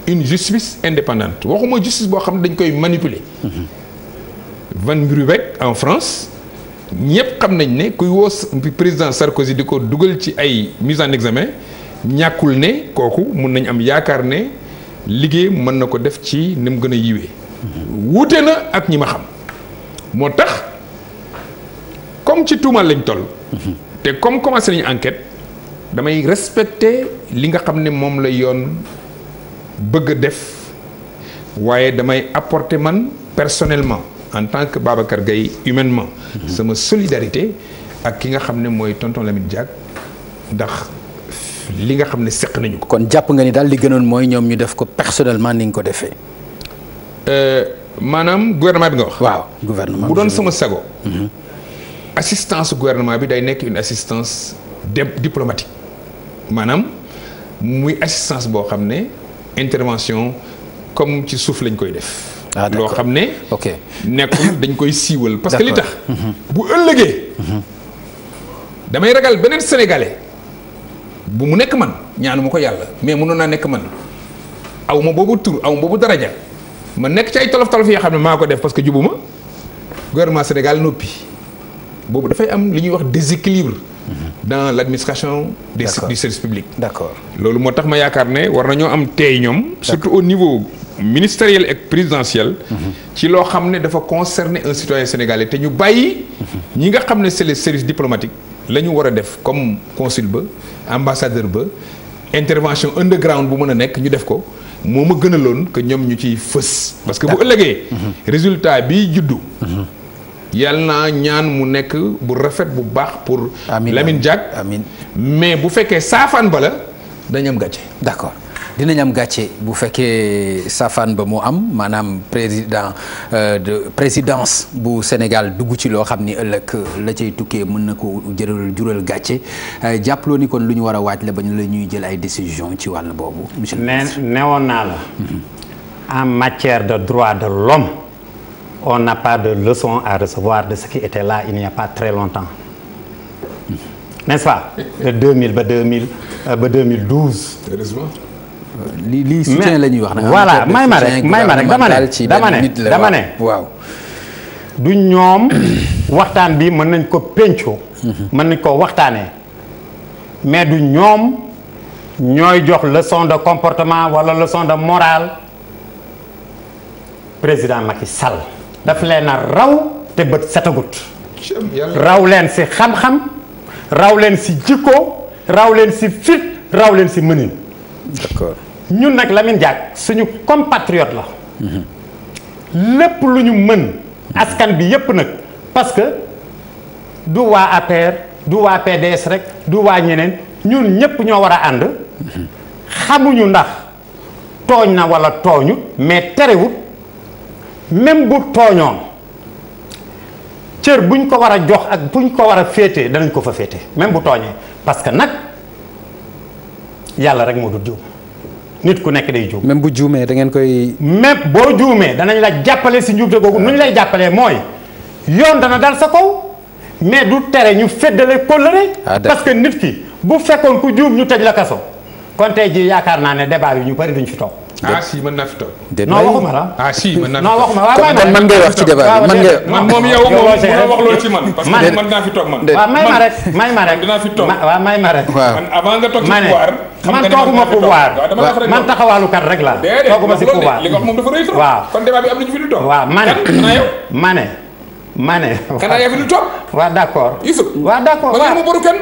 une justice indépendante waxuma justice boo xam ne dañ koy manipuler. Van Brubeck en France ñëpp xam nañ ne kuy woo président Sarkozy di ko dugal ci ay mise en examen ñàkkul ne kooku mun nañ am yaakaar ne liggéey mën na ko def ci ni mu gën a yiwee. wuute na ak ñi ma xam. moo tax comme ci tuumal lañ toll. Mhm. te comme commencé nañu enquête damay respecte li nga xam ne moom la yoon bëgg def waaye damay apporter man personnellement en tant que Babacar Gaye humainement. Mhm. sama solidarité ak ki nga xam ne mooy tonton Lamine Diack ndax. li nga xam ne seq nañu ko. kon jàpp nga ni daal di gënoon mooy ñoom ñu def ko personnellement ni nga ko defee. Euh, maanaam gouvernement bi nga wax. waaw gouvernement bu doon sama sago. Mhm. assistance gouvernement bi day nekk une assistance diplomatique maanaam muy assistance boo xam ne intervention comme ci suuf lañ koy def. Ah, loo xam ne. ok nekkul dañ koy siiwal. parce que li tax. Mhm. bu ëllëgee. Mhm. damay ragal beneen sénégalais bu mu nekk man ñaanu ma ko yàlla mais mënoon naa nekk man aw ma boobu tur aw ma boobu daraja. ma nekk ci ay tolof tolof yoo xam ne maa ko def parce que jubuma gouvernement Sénégal noppi boobu dafay am li ñuy wax déséquilibre. dans l' administration. des du service public. d' accord loolu moo tax ma yaakaar ne war nañoo am teey ñoom. surtout au niveau ministériel ak présidentiel. Mhm. ci loo xam ne dafa concerner un citoyen sénégalais te ñu bàyyi. Mhm. ñi nga xam ne c' est les services diplomatiques la ñu war a def comme consul ba ambassadeur ba intervention underground bu mën a nekk ñu def ko. moo ma gënaloon que ñoom ñu ci fës. parce que bu ëllëgee. résultat bi juddu. Mhm. yàlla naa ñaan mu nekk bu rafet bu baax pour. lamin Diack amiin mais bu fekkee saafaan ba la dañu am gàcce d'accord. dinañ am gàcce bu fekkee safaan ba mu am maanaam président euh, de présidence bu Sénégal dugg ci loo xam ni ëllëg la cay tukkee mën na ko jëral jural gàcce euh, jàppaloo ni kon lu ñu war a waaj la ba ñu la ñuy jël ay décision ci wàll boobu. monsieur le ministre newoon naa la. Mm-hmm. en matière de droit de l'homme on n'a pas de leçon à recevoir de ce qui était là il n'y a pas très longtemps. Mm-hmm. n'est-ce pas de 2000 ba 2000 euh, ba 2012. heureusement. lii li soutien la ñuy wax nag. voilà may ma rek may ma rek dama ne dama ne dama ne waaw. du ñoom waxtaan bi mën nañ ko péncoo mhm. mën nañ ko waxtaane mais du ñoom ñooy jox leçon de comportement walla leçon de morale président Macky Sall daf leen a raw te bët setagut raw leen si xam-xam raw leen si jikko raw leen si fit raw leen si mënin ñun nag Lamine Diack suñu compatriote la. lépp lu ñu mën. askan bi yépp nag parce que du waa APR du waa PDS rek du waa ñeneen ñun ñépp ñoo war a ànd. xamuñu ndax tooñ na walla tooñut mais terewut même bu tooñoon cër buñ ko war a jox ak buñ ko war a féete danañ ko fa féete même bu tooñee parce que nag yàlla rek moo du jiw. nit ku nekk day juum. même bu juumee da ngeen koy. même boo juumee danañ la jàppale si njuumte googu nu ñu lay jàppalee mooy yoon dana dal sa kaw mais du tere ñu féddale kóllëre ah, parce que nit ki bu fekkoon ku juum ñu tëj la kaso kon tey jii yaakaar naa ne débat yi ñu bari duñ fi toog. ah si mën naa fi ah, na wax man. parce que mën naa fi toog man. may ma rek may ma rek. dinaa fi toog man avant nga man tooguma pouvoir rek la. tooguma si pouvoir waaw kon débat bi am na ñu fi di toog. waaw ma ne ma kenn.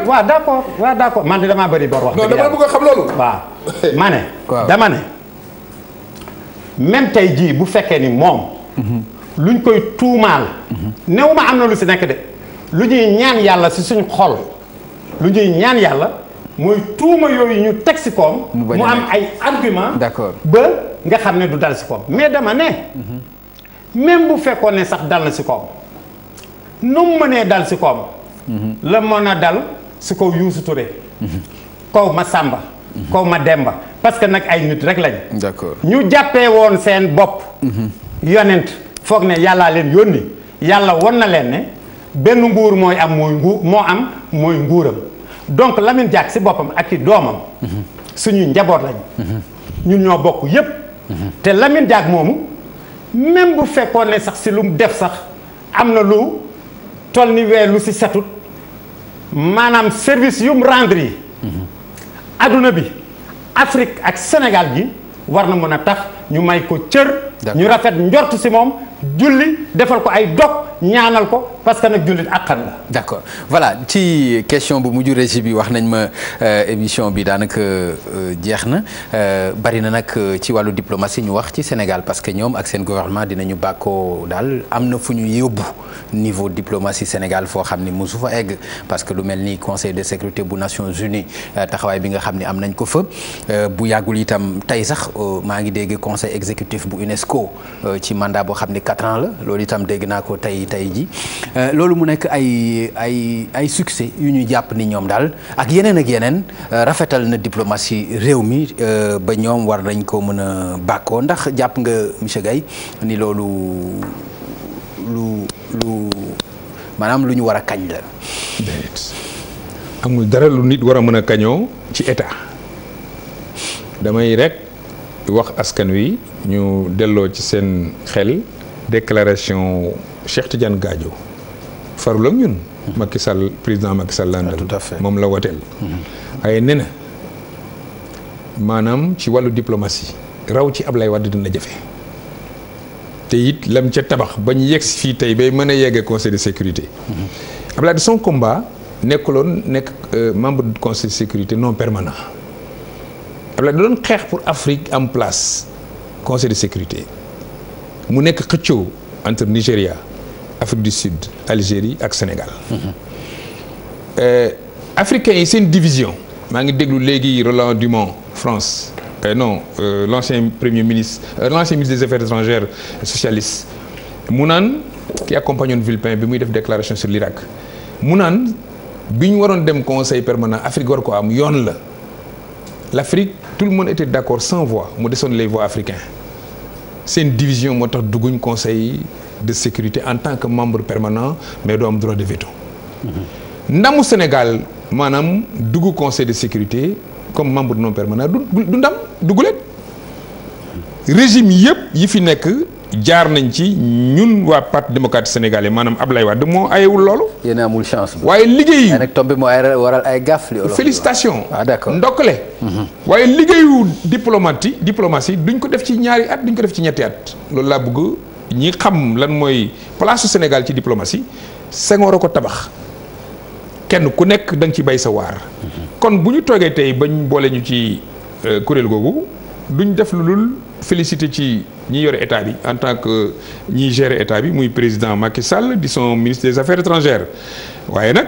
waaw d' man de damaa bëri bor wax. dëgg yàlla non dama bëgg a xam loolu. waaw ma dama ne. même tey jii bu fekkee ni moom. lu luñ koy tuumaal. néew ma am na lu si nekk de lu ñuy ñaan yàlla si suñ xol lu ñuy ñaan yàlla mooy tuuma yooyu ñu teg si koom. mu am ay argument. d'accord ba nga xam ne du dal si koom mais dama ne. même bu fekkoon ne sax dal na si koom nu mu mënee dal si koom. Mhm. la mën a dal si kow kaw Youssou Touré. Mhm. ma sàmba kaw ma demba parce que nag ay nit rek lañ. d'accord ñu jàppee woon seen bopp. yonent foog ne yàllaa leen yónni yàlla won na leen ne benn nguur mooy am mooy nguur moo am mooy nguuram donc Lamine Diack si boppam ak i doomam. suñuy njaboot lañ. ñun ñoo bokk yépp te Lamine Diack moomu même bu fekkoon ne sax si lu mu def sax am na lu toll ni weer lu si setut maanaam service yu rendre yi. adduna bi Afrique ak Sénégal gi war na mën a tax ñu may ko cër. ñu rafet njort si moom. julli defal ko ay dog ñaanal ko parce que nag jullit àqan la. d'accord voilà ci question bu mujju régie bi wax nañ ma euh, émission bi daanaka euh, jeex na euh, bari na nag ci wàllu diplomatie ñu wax ci Sénégal parce que ñoom ak seen gouvernement ñu bàkkoo daal am na fu ñu yóbbu niveau diplomatie Sénégal foo xam ni mosu fa egg parce que lu mel ni conseil de sécurité bu Nations Unies taxawaay bi nga xam ni am nañ ko fa bu yàggul itam tey sax maa ngi dégg conseil exécutif bu UNESCO ci mandat boo xam quatre la loolu itam dégg naa ko tey tey ji euh, loolu mu nekk ay ay ay succès yu ñu jàpp ni ñoom daal ak yeneen ak yeneen euh, rafetal na diplomatie réew mi euh, ba ñoom war nañ ko mën a bàkkoo ndax jàpp nga monsieur Gaye ni loolu lu lu maanaam lu ñu war a kañ la. amul dara lu nit war a mën a kañoo ci état damay rek wax askan wi ñu delloo ci seen xel. déclaration Cheikh Tidiane Gadio farul ak ñun. Macky Sall président Macky Sall landal moom la woteel. waaye nee na maanaam ci wàllu diplomatie raw ci Ablaye Wade dina jafe. te it lam ca tabax bañ ñu yegg si fii tey bay mën a yeggee conseil de sécurité. Ablaye son combat nekkuloon nekk euh, membre du conseil de sécurité non permanent. Ablaye da doon xeex pour Afrique en place conseil de sécurité. mu nekk xëccoo entre Nigéria Afrique du Sud Algérie ak Sénégal. Euh, africains yi seen division. maa ngi déglu léegi Roland Dumont France euh, non euh, l'ancien premier ministre euh, l'ancien ministre des affaires étrangères socialiste mu naan ki accompagnoon Villepin bi muy def déclaration sur l'Irak mu naan bi ñu waroon dem conseil permanent Afrique war ko am yoon la l'Afrique tout le monde était d'accord sans voix mu desoon les voix africains seen division moo tax dugguñ conseil de sécurité en tant que membre permanent mais doo am droit de veto mm-hmm. ndamu Sénégal maanaam dugg conseil de sécurité comme membre non permanent du ndam dugguleen mm-hmm. régime yëpp yi fi nekk jaar nañ ci ñun waa parti démocratique sénégalais maanaam Ablaye Wade moo ayewul loolu. yéen amul chance. waaye liggéey ay nag tombé moo waral ay gaf. félicitation ah le ndokkale. Mhm. waaye liggéeyu diplomati diplomatie duñ ko def ci ñaari at duñ ko def ci ñetti at. loolu laa bëgg ñi xam lan mooy place su Sénégal ci diplomatie Senghor a ko tabax kenn ku nekk da nga ci bay sa waar. Mhm. kon bu ñu toogee tey bañ boolee ñu ci euh, kuréel googu. duñ def lu félicité ci ñi yore état bi en tant que état bi muy président Macky Sall di son ministre des waaye nag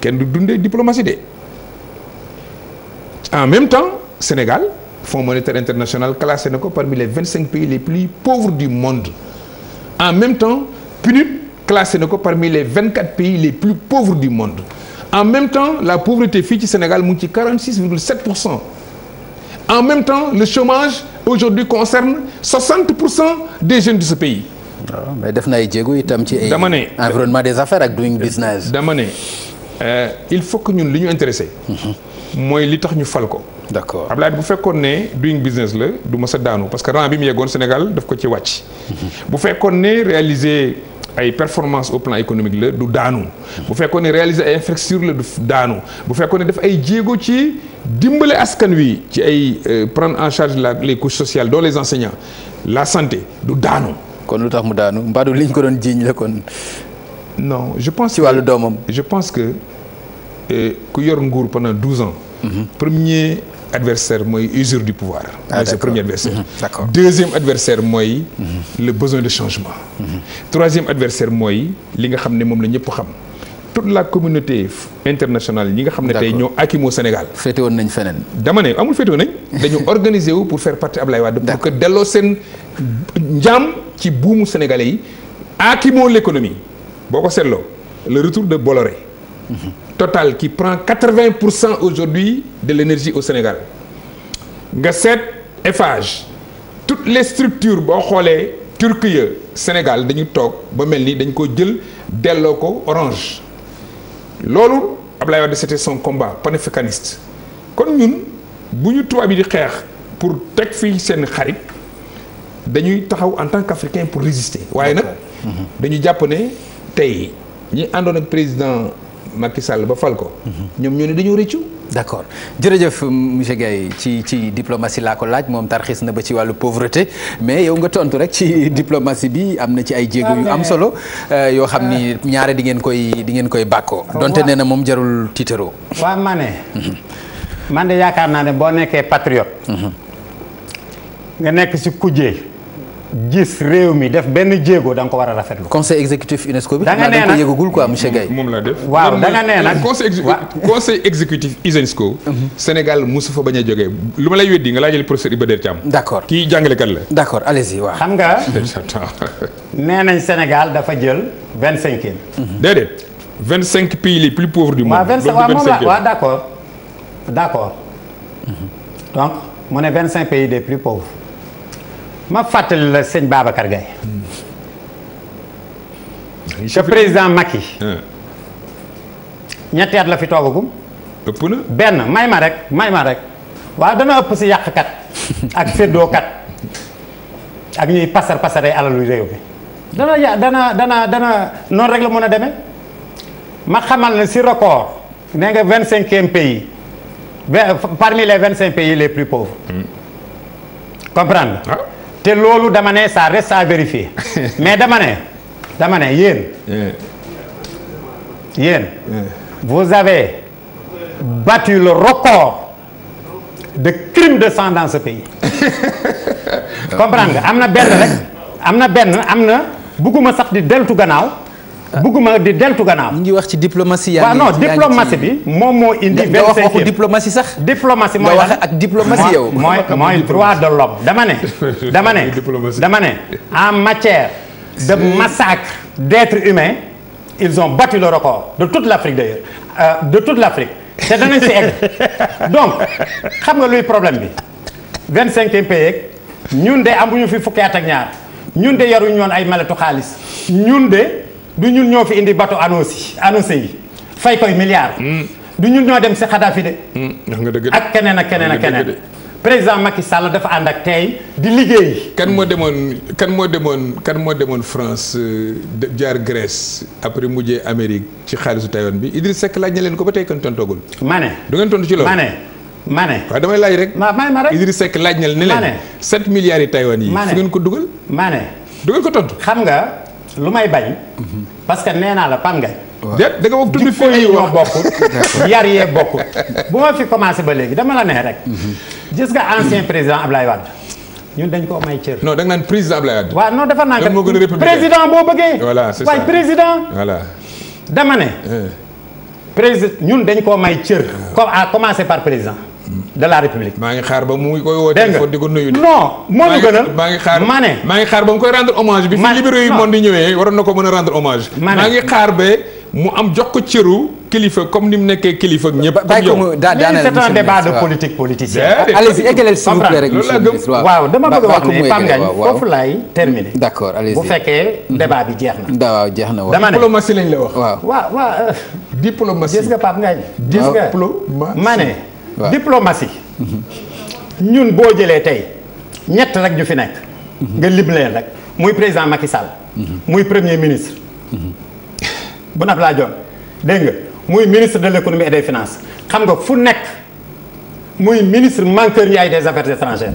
kenn du dundee diplomatie de en même temps Sénégal Fonds monétaire international classé na ko parmi les vingt cinq pays les plus pauvres du monde en même temps PNUD classé na ko parmi les vingt quatre pays les plus pauvres du monde en même temps la pauvreté fii ci Sénégal mu ngi ci quarante six virgule sept pour cent. En même temps, le chômage aujourd'hui concerne 60 pour cent des jeunes de ce pays. waaw ah, mais def na ay jéego itam ci ay. dama ne environnement des affaires ak doing business. dama ne euh, il faut que ñun li ñu intéressé. Mhm. mooy li tax ñu fal ko. d'accord Abdoulaye bu fekkoon ne doing business la du mës a daanu parce que rang bi mu yeggoon Sénégal daf ko ci wàcc. bu fekkoon ne réaliser ay performance au plan économique la du daanu. bu fekkoon ne réaliser ay infrastructure la du daanu bu fekkoon ne def ay jéego ci dimbale askan wi ci ay euh, prendre en charge la les sociale sociales dont la santé du daanu. kon lu mu daanu mbaadu liñ ko doon jiiñ la non je pense ci wàllu doomam. je pense que euh, ku yor nguur pendant douze ans. Mhm. adversaire mooy usure du pouvoir. ah c'est premier adversaire. Mhm. d'accord deuxième adversaire mooy. Mhm. le besoin de changement. Mhm. troisième adversaire mooy li nga xam ne moom la ñëpp xam. toute la communauté internationale ñi nga xam ne tey ñoo acquis au Sénégal. féete woon nañ feneen. dama ne amul féete woon nañ. dañu organiser wu pour faire partie Ablaye Wade. pour que delloo seen njaam ci buumu sénégalais yi. acquis l'économie boo ko seetloo le retour de Bolloré. Total qui prend 80 pour cent aujourd'hui de l'énergie au Sénégal nga seet Eiffage toutes les structures boo xoolee Turquie Sénégal dañu toog ba mel ni dañ ko jël delloo ko Orange loolu Ablaye Wade c'était son combat panafricaniste kon ñun bu ñu tubaab yi di xeex pour teg fii seen xarit dañuy taxaw en tant que qu'africain pour résister waaye nag mhm. dañu jàpp tey ñi àndoon ak président Macky Sall ba fal ko. ñoom ñoo ne dañoo rëccu. d'accord jërëjëf monsieur Gaye ci ci diplomatie laa ko laaj moom tarxis na ba ci wàllu pauvreté mais yow nga tontu rek ci diplomatie bi am na ci ay jéego yu ah, am solo euh, yoo xam ah. ni ñaare di ngeen koy di ngeen koy bàkkoo ah, donte nee na moom jarul tiitaroo. waaw ma ne. Mhm. man de yaakaar naa ne boo nekkee patriote. Mhm. nga nekk ci kujjee. gis réew mi def benn jéego da ko war a rafetlu. conseil exécutif UNESCO bi. da nga nee nag yëgagul quoi monsieur Gaye moom la def waaw da nga nee nag conseil conseil exécutif UNESCO. Sénégal mosu fa bañ a jógee lu ma lay weddi nga laa jël professeur Iba Der Thiam. d' accord kii jàngalekat la. d' accord allez-y waaw. xam nga nee nañ Sénégal dafa jël vingt cinq in. vingt cinq pays les plus pauvres du monde. loolu du vingt cinq d' accord d' ne vingt cinq pays les plus pauvres. ma fàttali la sëñ Babacar Gaye mm. te président Macky ah. ñetti at la fi toogagum ëpp benn may ma rek may ma rek waaw dana ëpp si yàqkat ak séddookat ak ñuy pasar pasare alalu réew mi dana ya dana dana dana noonu rek la mën a demee ma xamal ne si record nee nga vingt cinquième pays parmi les vingt cinq pays les plus pauvres mm. comprendre te loolu dama ne ça reste à vérifier mais dama ne dama ne yéen yéen vous avez battu le record de crime de sang pays comprendre nga am na benn rek am na benn am na bugguma sax di deltu gannaaw Euh, bugguma di deltu gannaaw. ñu ngi wax ci diplomatie yaa ngi. yaa ngi non diplomatie bi moom moo indi. vingt-cinq wax waxu diplomatie sax. diplomatie mooy wax ak diplomatie yow. mooy mooy droit de l'homme dama ne. dama ne en matière de massacre d'êtres humains ils ont battu le record de tout l'Afrique d'ailleurs euh, de toute l'Afrique te danañ si egg donc xam nga luy problème bi vingt-cinquième pays ñun de amuñu fi fukki at ak ñaar ñun de yaruñu woon ay maletu xaalis ñun de. du ñun ñoo fi indi bateau annoncé annoncé yi fay koy milliards. Hmm. du ñun ñoo dem si Xadaafi de. Hmm. nga dëgg ak keneen ak keneen ak keneen. président Macky Sall dafa ànd ak tey di liggéey. kan moo demoon kan moo demoon kan moo demoon France euh, jaar Grèce après mujjee Amérique ci xaalisu tayoon bi Idriss sekk laaj na leen ko ba tey kan tontoogul. ma ne du ngeen tontu ci loolu ma ne. ma ne damay laaj rek. ma ma rek Idriss laaj na leen ne leen. ma yi tayoon yi. ma ne ngeen ko dugal. ma ne dugal ko tontu. xam nga. lu may bañ. parce que nee naa la PAM nga. da nga wax tudd fii ñoo bokk yar yee bokk bu fi commencé ba léegi dama la nee rek. Mhm. gis nga ancien président Ablaye Wade ñun dañ ko may cër. non da nga naan président Ablaye Wade. waaw non président boo bëggee. voilà c'est ça waaye président. dama ne. président ñun dañ koo may cër. comme à commencer par président. de la république. maa ngi xaar ba mu ngi koy woo téléphone di ko nuyu. non moo maa ngi xaar maa ngi xaar ba mu koy rendre hommage bi. fi libéraux yi monde ñëwee waroon na ko mën a rendre hommage. maa ngi xaar ba mu am jox ko cëru kilifa comme ni mu nekkee kilifa ak ñëpp. comme yow c'est un débat de politique politicienne. allez-y égalel s'il vous plaît rek waaw dama bëgg a wax ne Pape Ngagne foofu laay terminer. d'accord allez-y mhm. la wax. waaw waaw. Euh, nga Pape Ngagne. gis nga ma diplomatie mhm. ñun boo jëlee tey ñett rek ñu fi nekk mhm. nga lim leen rek muy président Macky Sall mhm. muy premier ministre bu nab laa joon dégg nga muy ministre de l'économie et des finances xam nga fu nekk muy ministre Mankeur Ndiaye des affaires étrangères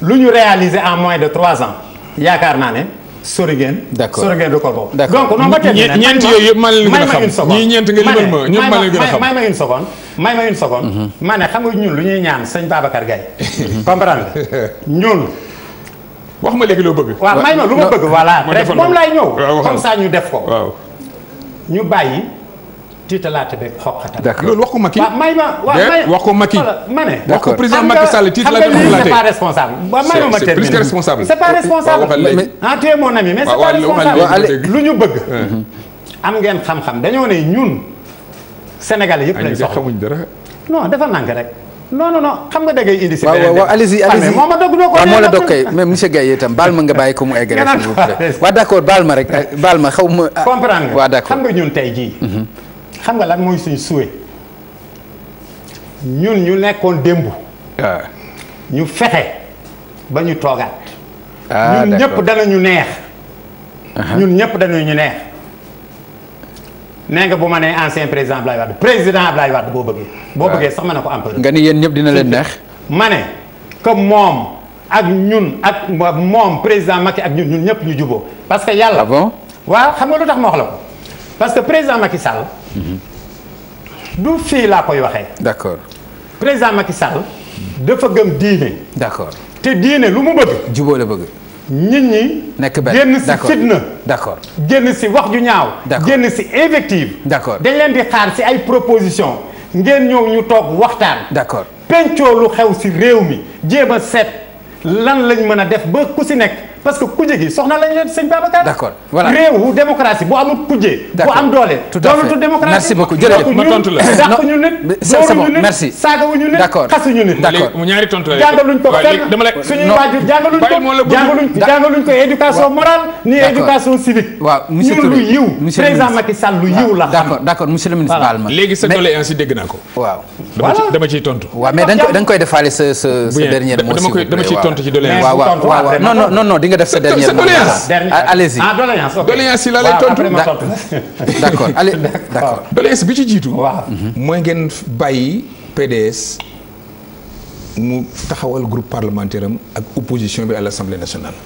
lu ñu réaliser en moins de trois ans yaakaar naa ne sori ngeen. d' accord sori ngeen record boobu. donc noonu ba tey ñeent yooyu yëpp maa leen gën a xam ñii ñeent nga limal ma ñëpp maa leen gën a xam may ma une seconde may ma une seconde. Mhm. ma xam nga ñun lu ñuy ñaan sëñ Babacar Gaye comprendre nga ñun. wax ma léegi loo bëgg. waaw may ma lu ma bëgg voilà. rek moom laay ñëw. comme ça ñu def ko. ñu bàyyi. tiitalaate beeg xoqatal. d'accord loolu wax ko Macky. waaw may ma waaw may wax ko Macky. ma ne wax ko président Macky Sall tiitalaate beeg xoqatal. ma ma terminer c'est plus que lu ñu bëgg. am ngeen xam-xam dañoo ne ñun. senegal yëpp lañ soxla xamuñ dara. non rek. non non non xam nga da ngay indi. si beneen waaw waaw allez-y allez-y moo dog waaw moo la dog kay mais monsieur Gaye itam baal ma nga bàyyi ko mu eggale. s'il vous plaît waaw baal ma rek baal ma xaw ma. Ah, comprendre nga waaw d'accord xam nga ñun tey jii. Mhm. xam nga lan mooy suñu souhait ñun ñu nekkoon démb. Ah. ñu fexe ba ñu toogaat. ah d'accord uh-huh. ñun ñëpp danañu neex. ñun ñëpp danañu neex. nee nga bu ma nee ancien président Ablaye Wade président Ablaye Wade boo bëggee. boo bëggee sax mën na ko empereur. nga ni yéen ñëpp dina leen neex. ma ne que moom ak ñun ak moom président Macky ak ñun ñun ñëpp ñu juboo parce que yàlla. ah bon waaw xam nga lu tax ma wax la ko. parce que président Macky Sall. Mhm. du fii laa koy waxee. d'accord président Macky Sall. dafa gëm diine. d'accord te diine lu mu bëgg. juboo la bëgg. nit ñi. nekk benn génn si fitna. d'accord génn si wax ju ñaaw. génn si invective. d'accord dañ leen di xaar ci ay proposition ngeen ñëw ñu toog waxtaan. d'accord pencoo lu xew si réew mi jéem a seet lan lañ mën a def ba ku si nekk. parce que kuje gi soxna lañ leen sëñ Babacar. d' accord voilà réewu démocratie bu amul kuje. d' accord bu am doole. tout à fait merci beaucoup jërëjëf ma tontu la dàquñu nit. dóoruñu nit merci saagawuñu nit. d' accord xasuñu nit. d' accord léegi ñaari tontu la jàngaluñ ko kenn suñuy waajur jàngaluñ ko jàngaluñ jàngaluñ ko éducation morale. ni éducation civique. waaw monsieur Touré ñun lu yiw président Macky Sall lu yiw la. d' accord d' accord monsieur le ministre baal ma. léegi sa doléance yi dégg naa ko. waaw dama ciy tontu. waaw mais dañ koy defaale sa sa sa dernier mot. dama koy dama ciy tontu ci doléance. waaw waaw non non non nga def sa dernier mot ah, allez-y ah laa lay tontu d'accord allez bi ci jiitu waaw mhm. mooy ngeen bàyyi PDS mu taxawal groupe parlementaire am ak opposition bi à l'Assemblée nationale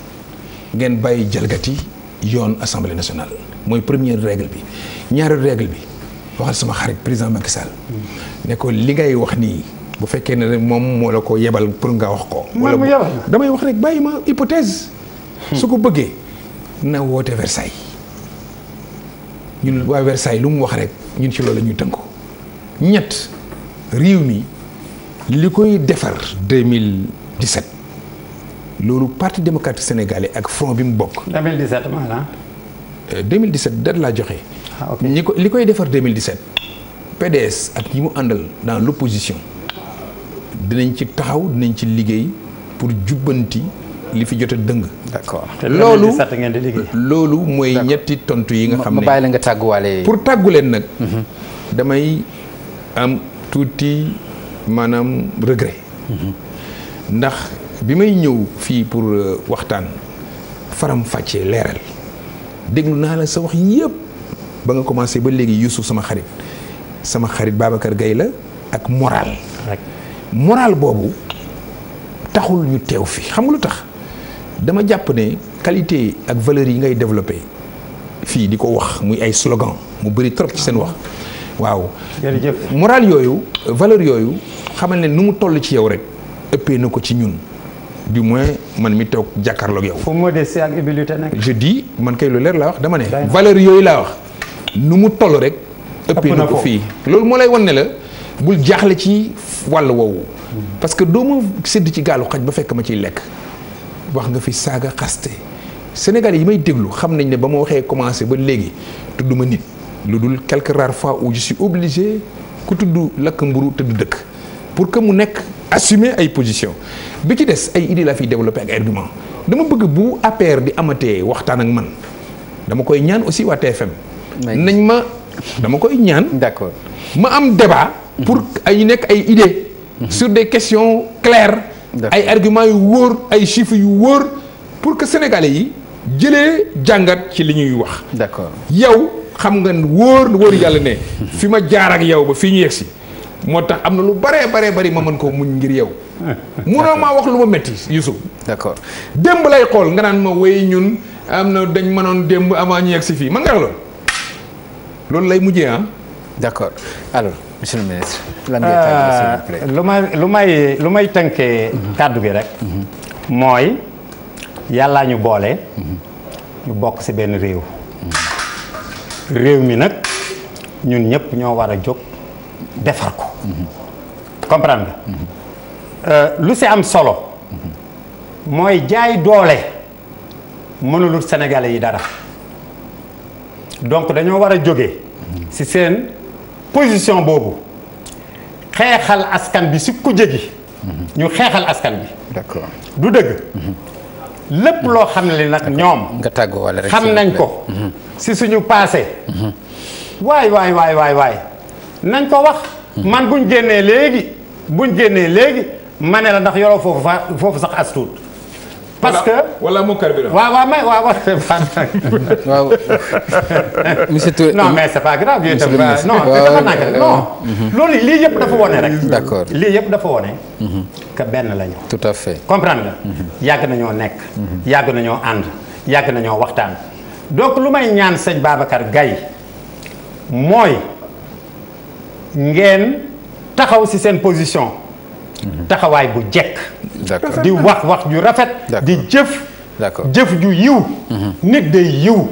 ngeen bàyyi jalgati yoon Assemblée nationale mooy première règle bi ñaareelu règle bi waxal sama xarit président Macky Sall ne ko li ngay wax nii bu fekkee ne moom moo la ko yebal pour nga wax ko. damay wax rek bàyyi ma hypothèse. su ko bëggee na woote Versailles ñun waa Versailles lu mu wax rek ñun ci loolu la ñuy ko ñett réew mi li koy defar 2017 loolu parti démocratique sénégalais ak front bi mu bokk. 2017 maanaam. 2017 euh, date laa joxe. Ah, ñi ko li koy defar 2017. PDS ak ñi mu àndal dans l' opposition dinañ ci taxaw dinañ ci liggéey pour jubbanti. li fi jot a dëng. d'accord loolu loolu mooy ñetti tontu yi nga xam ne ma nga tàgguwaale. pour tàggu leen nag. Mhm. damay am tuuti maanaam regret. Mhm. ndax bi may ñëw fii pour euh, waxtaan faram fàccee leeral déglu naa la sa wax yëpp ba nga commencé ba léegi Youssouf sama xarit sama xarit Babacar gay la ak moral moral boobu taxul ñu teew fi xam tax dama jàpp ne qualité ak valeurs yi ngay développé fii di ko wax muy ay slogan mu bëri trop ci seen wax waaw. jërëjëf moral yooyu valeur yooyu xamal ne nu mu toll ci yow rek ëppee na ko ci ñun. du moins man mi toog jàkkaarloog yow. fu modestie ak humilité nag. je dis man kay lu leer laa wax dama ne. valeur yooyu laa wax nu mu toll rek. ëppee na ko fii loolu moo lay wan ne la bul jaaxle ci wàll woowu. Mm-hmm. parce que doomu ma ci gaalu xaj ba fekk ma ciy lekk. wax nga fi saaga xaste Sénégal yi may déglu xam nañ ne ba ma waxee commencé ba léegi tudd ma nit lu dul quelque rare fois où si suis obligé ku tudd lakk mburu tëdd dëkk pour que mu nekk assumer ay position bi ci des ay idée la fiy développé ak argument dama bëgg bu APR di amatee waxtaan ak man dama koy ñaan aussi waa TFM nañ ma dama koy ñaan d'accord ma am débat pour ay nekk ay idée mhm. sur des questions claires ay argument yu wóor ay chiffres yu wóor pour que sénégalais yi jële jàngat ci li ñuy wax. d'accord yow xam nga wóor wóor yàlla ne. fi ma jaar ak yow ba fii ñu yegsi moo tax am na lu baree baree bari ma mën ko muñ ngir yow. munoo maa wax lu ma métti Youssouf. d'accord démb lay xool nga naan ma wéy ñun am na dañ mënoon démb avant ñu yegsi fii man nga loolu loolu lay mujjee ah. d'accord monsieur euh, lu ma lu may lu may tënkee. kàddu gi rek. Mhm. mooy yàlla ñu boole. Mhm. ñu bokk si benn réew. Mhm. réew mi nag ñun ñëpp ñoo war a jóg defar ko. comprendre euh, lu si am solo. mooy jaay doole mënulul sénégalais yi dara donc dañoo war a jóge ci seen. position boobu xeexal askan bi si ku jégi ñu xeexal askan bi. d'accord du dëgg. lépp loo xam ne nag ñoom. nga tàggoo xam nañ ko. Mhm. si suñu passé. waay waay waay waay waay nañ ko wax. Mhm. man buñ génnee léegi buñ génnee léegi ma ne la ndax yoroo foofu fa foofu sax as parce que wala mu carburant. waaw waaw mais waaw waaw. monsieur Touré non mais c'est pas grave. monsieur le non dafa nag non. loolu lii yëpp dafa wone rek. Mm-hmm. lii yëpp dafa wone. Mm-hmm. que benn lañu. tout à fait comprendre nga. Mm-hmm. yàgg nañoo nekk. yàgg nañoo ànd yàgg nañoo waxtaan. donc lu may ñaan sëñ Babacar gay mooy ngeen taxaw si seen position. taxawaay bu jekk. di wax wax ju rafet. di jëf. jëf ju yiw. Mhm. nit day yiw.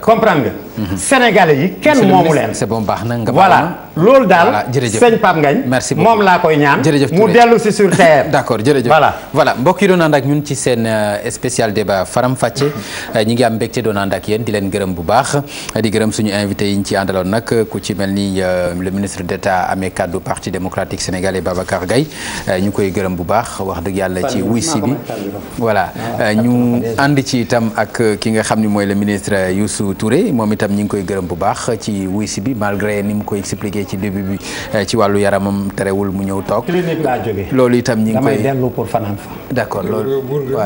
comprendre nga. Mhm. sénégalais yi kenn moomu leen. c'est bon baax na nga voilà loolu daal sëñ Pape Ngagne moom laa koy ñaan mu dellu si sur terre d'accord jërëjëf voilà voilà mbokk yi doon ànd ak ñun ci seen euh, spécial débat faram fàcce euh, ñi ngi am mbégte doon ànd ak yéen di leen gërëm bu baax di gërëm suñu invité yi ñu ci àndaloon nag ku ci mel ni euh, le ministre d'État amee kaddu parti démocratique sénégalais Babacar Gaye ñu koy gërëm bu baax wax dëgg yàlla ci wuy si bi voilà ah, ñu ànd ci itam ak ki nga xam ni mooy le ministre Youssou Touré moom itam ñi ngi koy gërëm bu baax ci wuy si bi malgré ni mu koy expliqué expliqué ci début bi eh, ci wàllu yaramam terewul mu ñëw toog. clinique laa jógee loolu itam ñi ngi koy damay dellu pour fa. d' accord loolu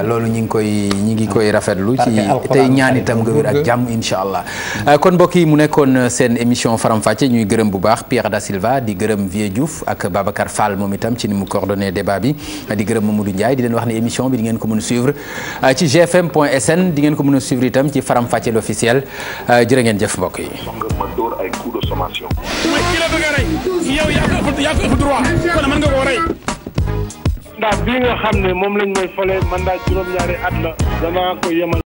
loolu ñi ngi koy ñi ngi koy rafetlu. ci tey ñaan itam nga wér ak jàmm incha allah. Eh, kon mbokk yi mu nekkoon eh, seen émission Faram Facce ñuy gërëm bu baax Pierre Da Silva di gërëm Vieux Diouf ak Babacar Fall moom itam ci ni mu coordonné débat bi di gërëm Mamadou Ndiaye di leen wax ne émission bi di ngeen ko mën a suivre ci gfm point sn di ngeen ko mën a suivre itam ci Faram Facce l'officiel jërë ngeen jëf mbokk yi. bëgg a rey yow yaa ko ëpp yaa ko ëpp droit kon mën nga koo rey. ndax bii nga xam ne moom lañ may fole mandat juróom-ñaari at la. danaa ko yemal.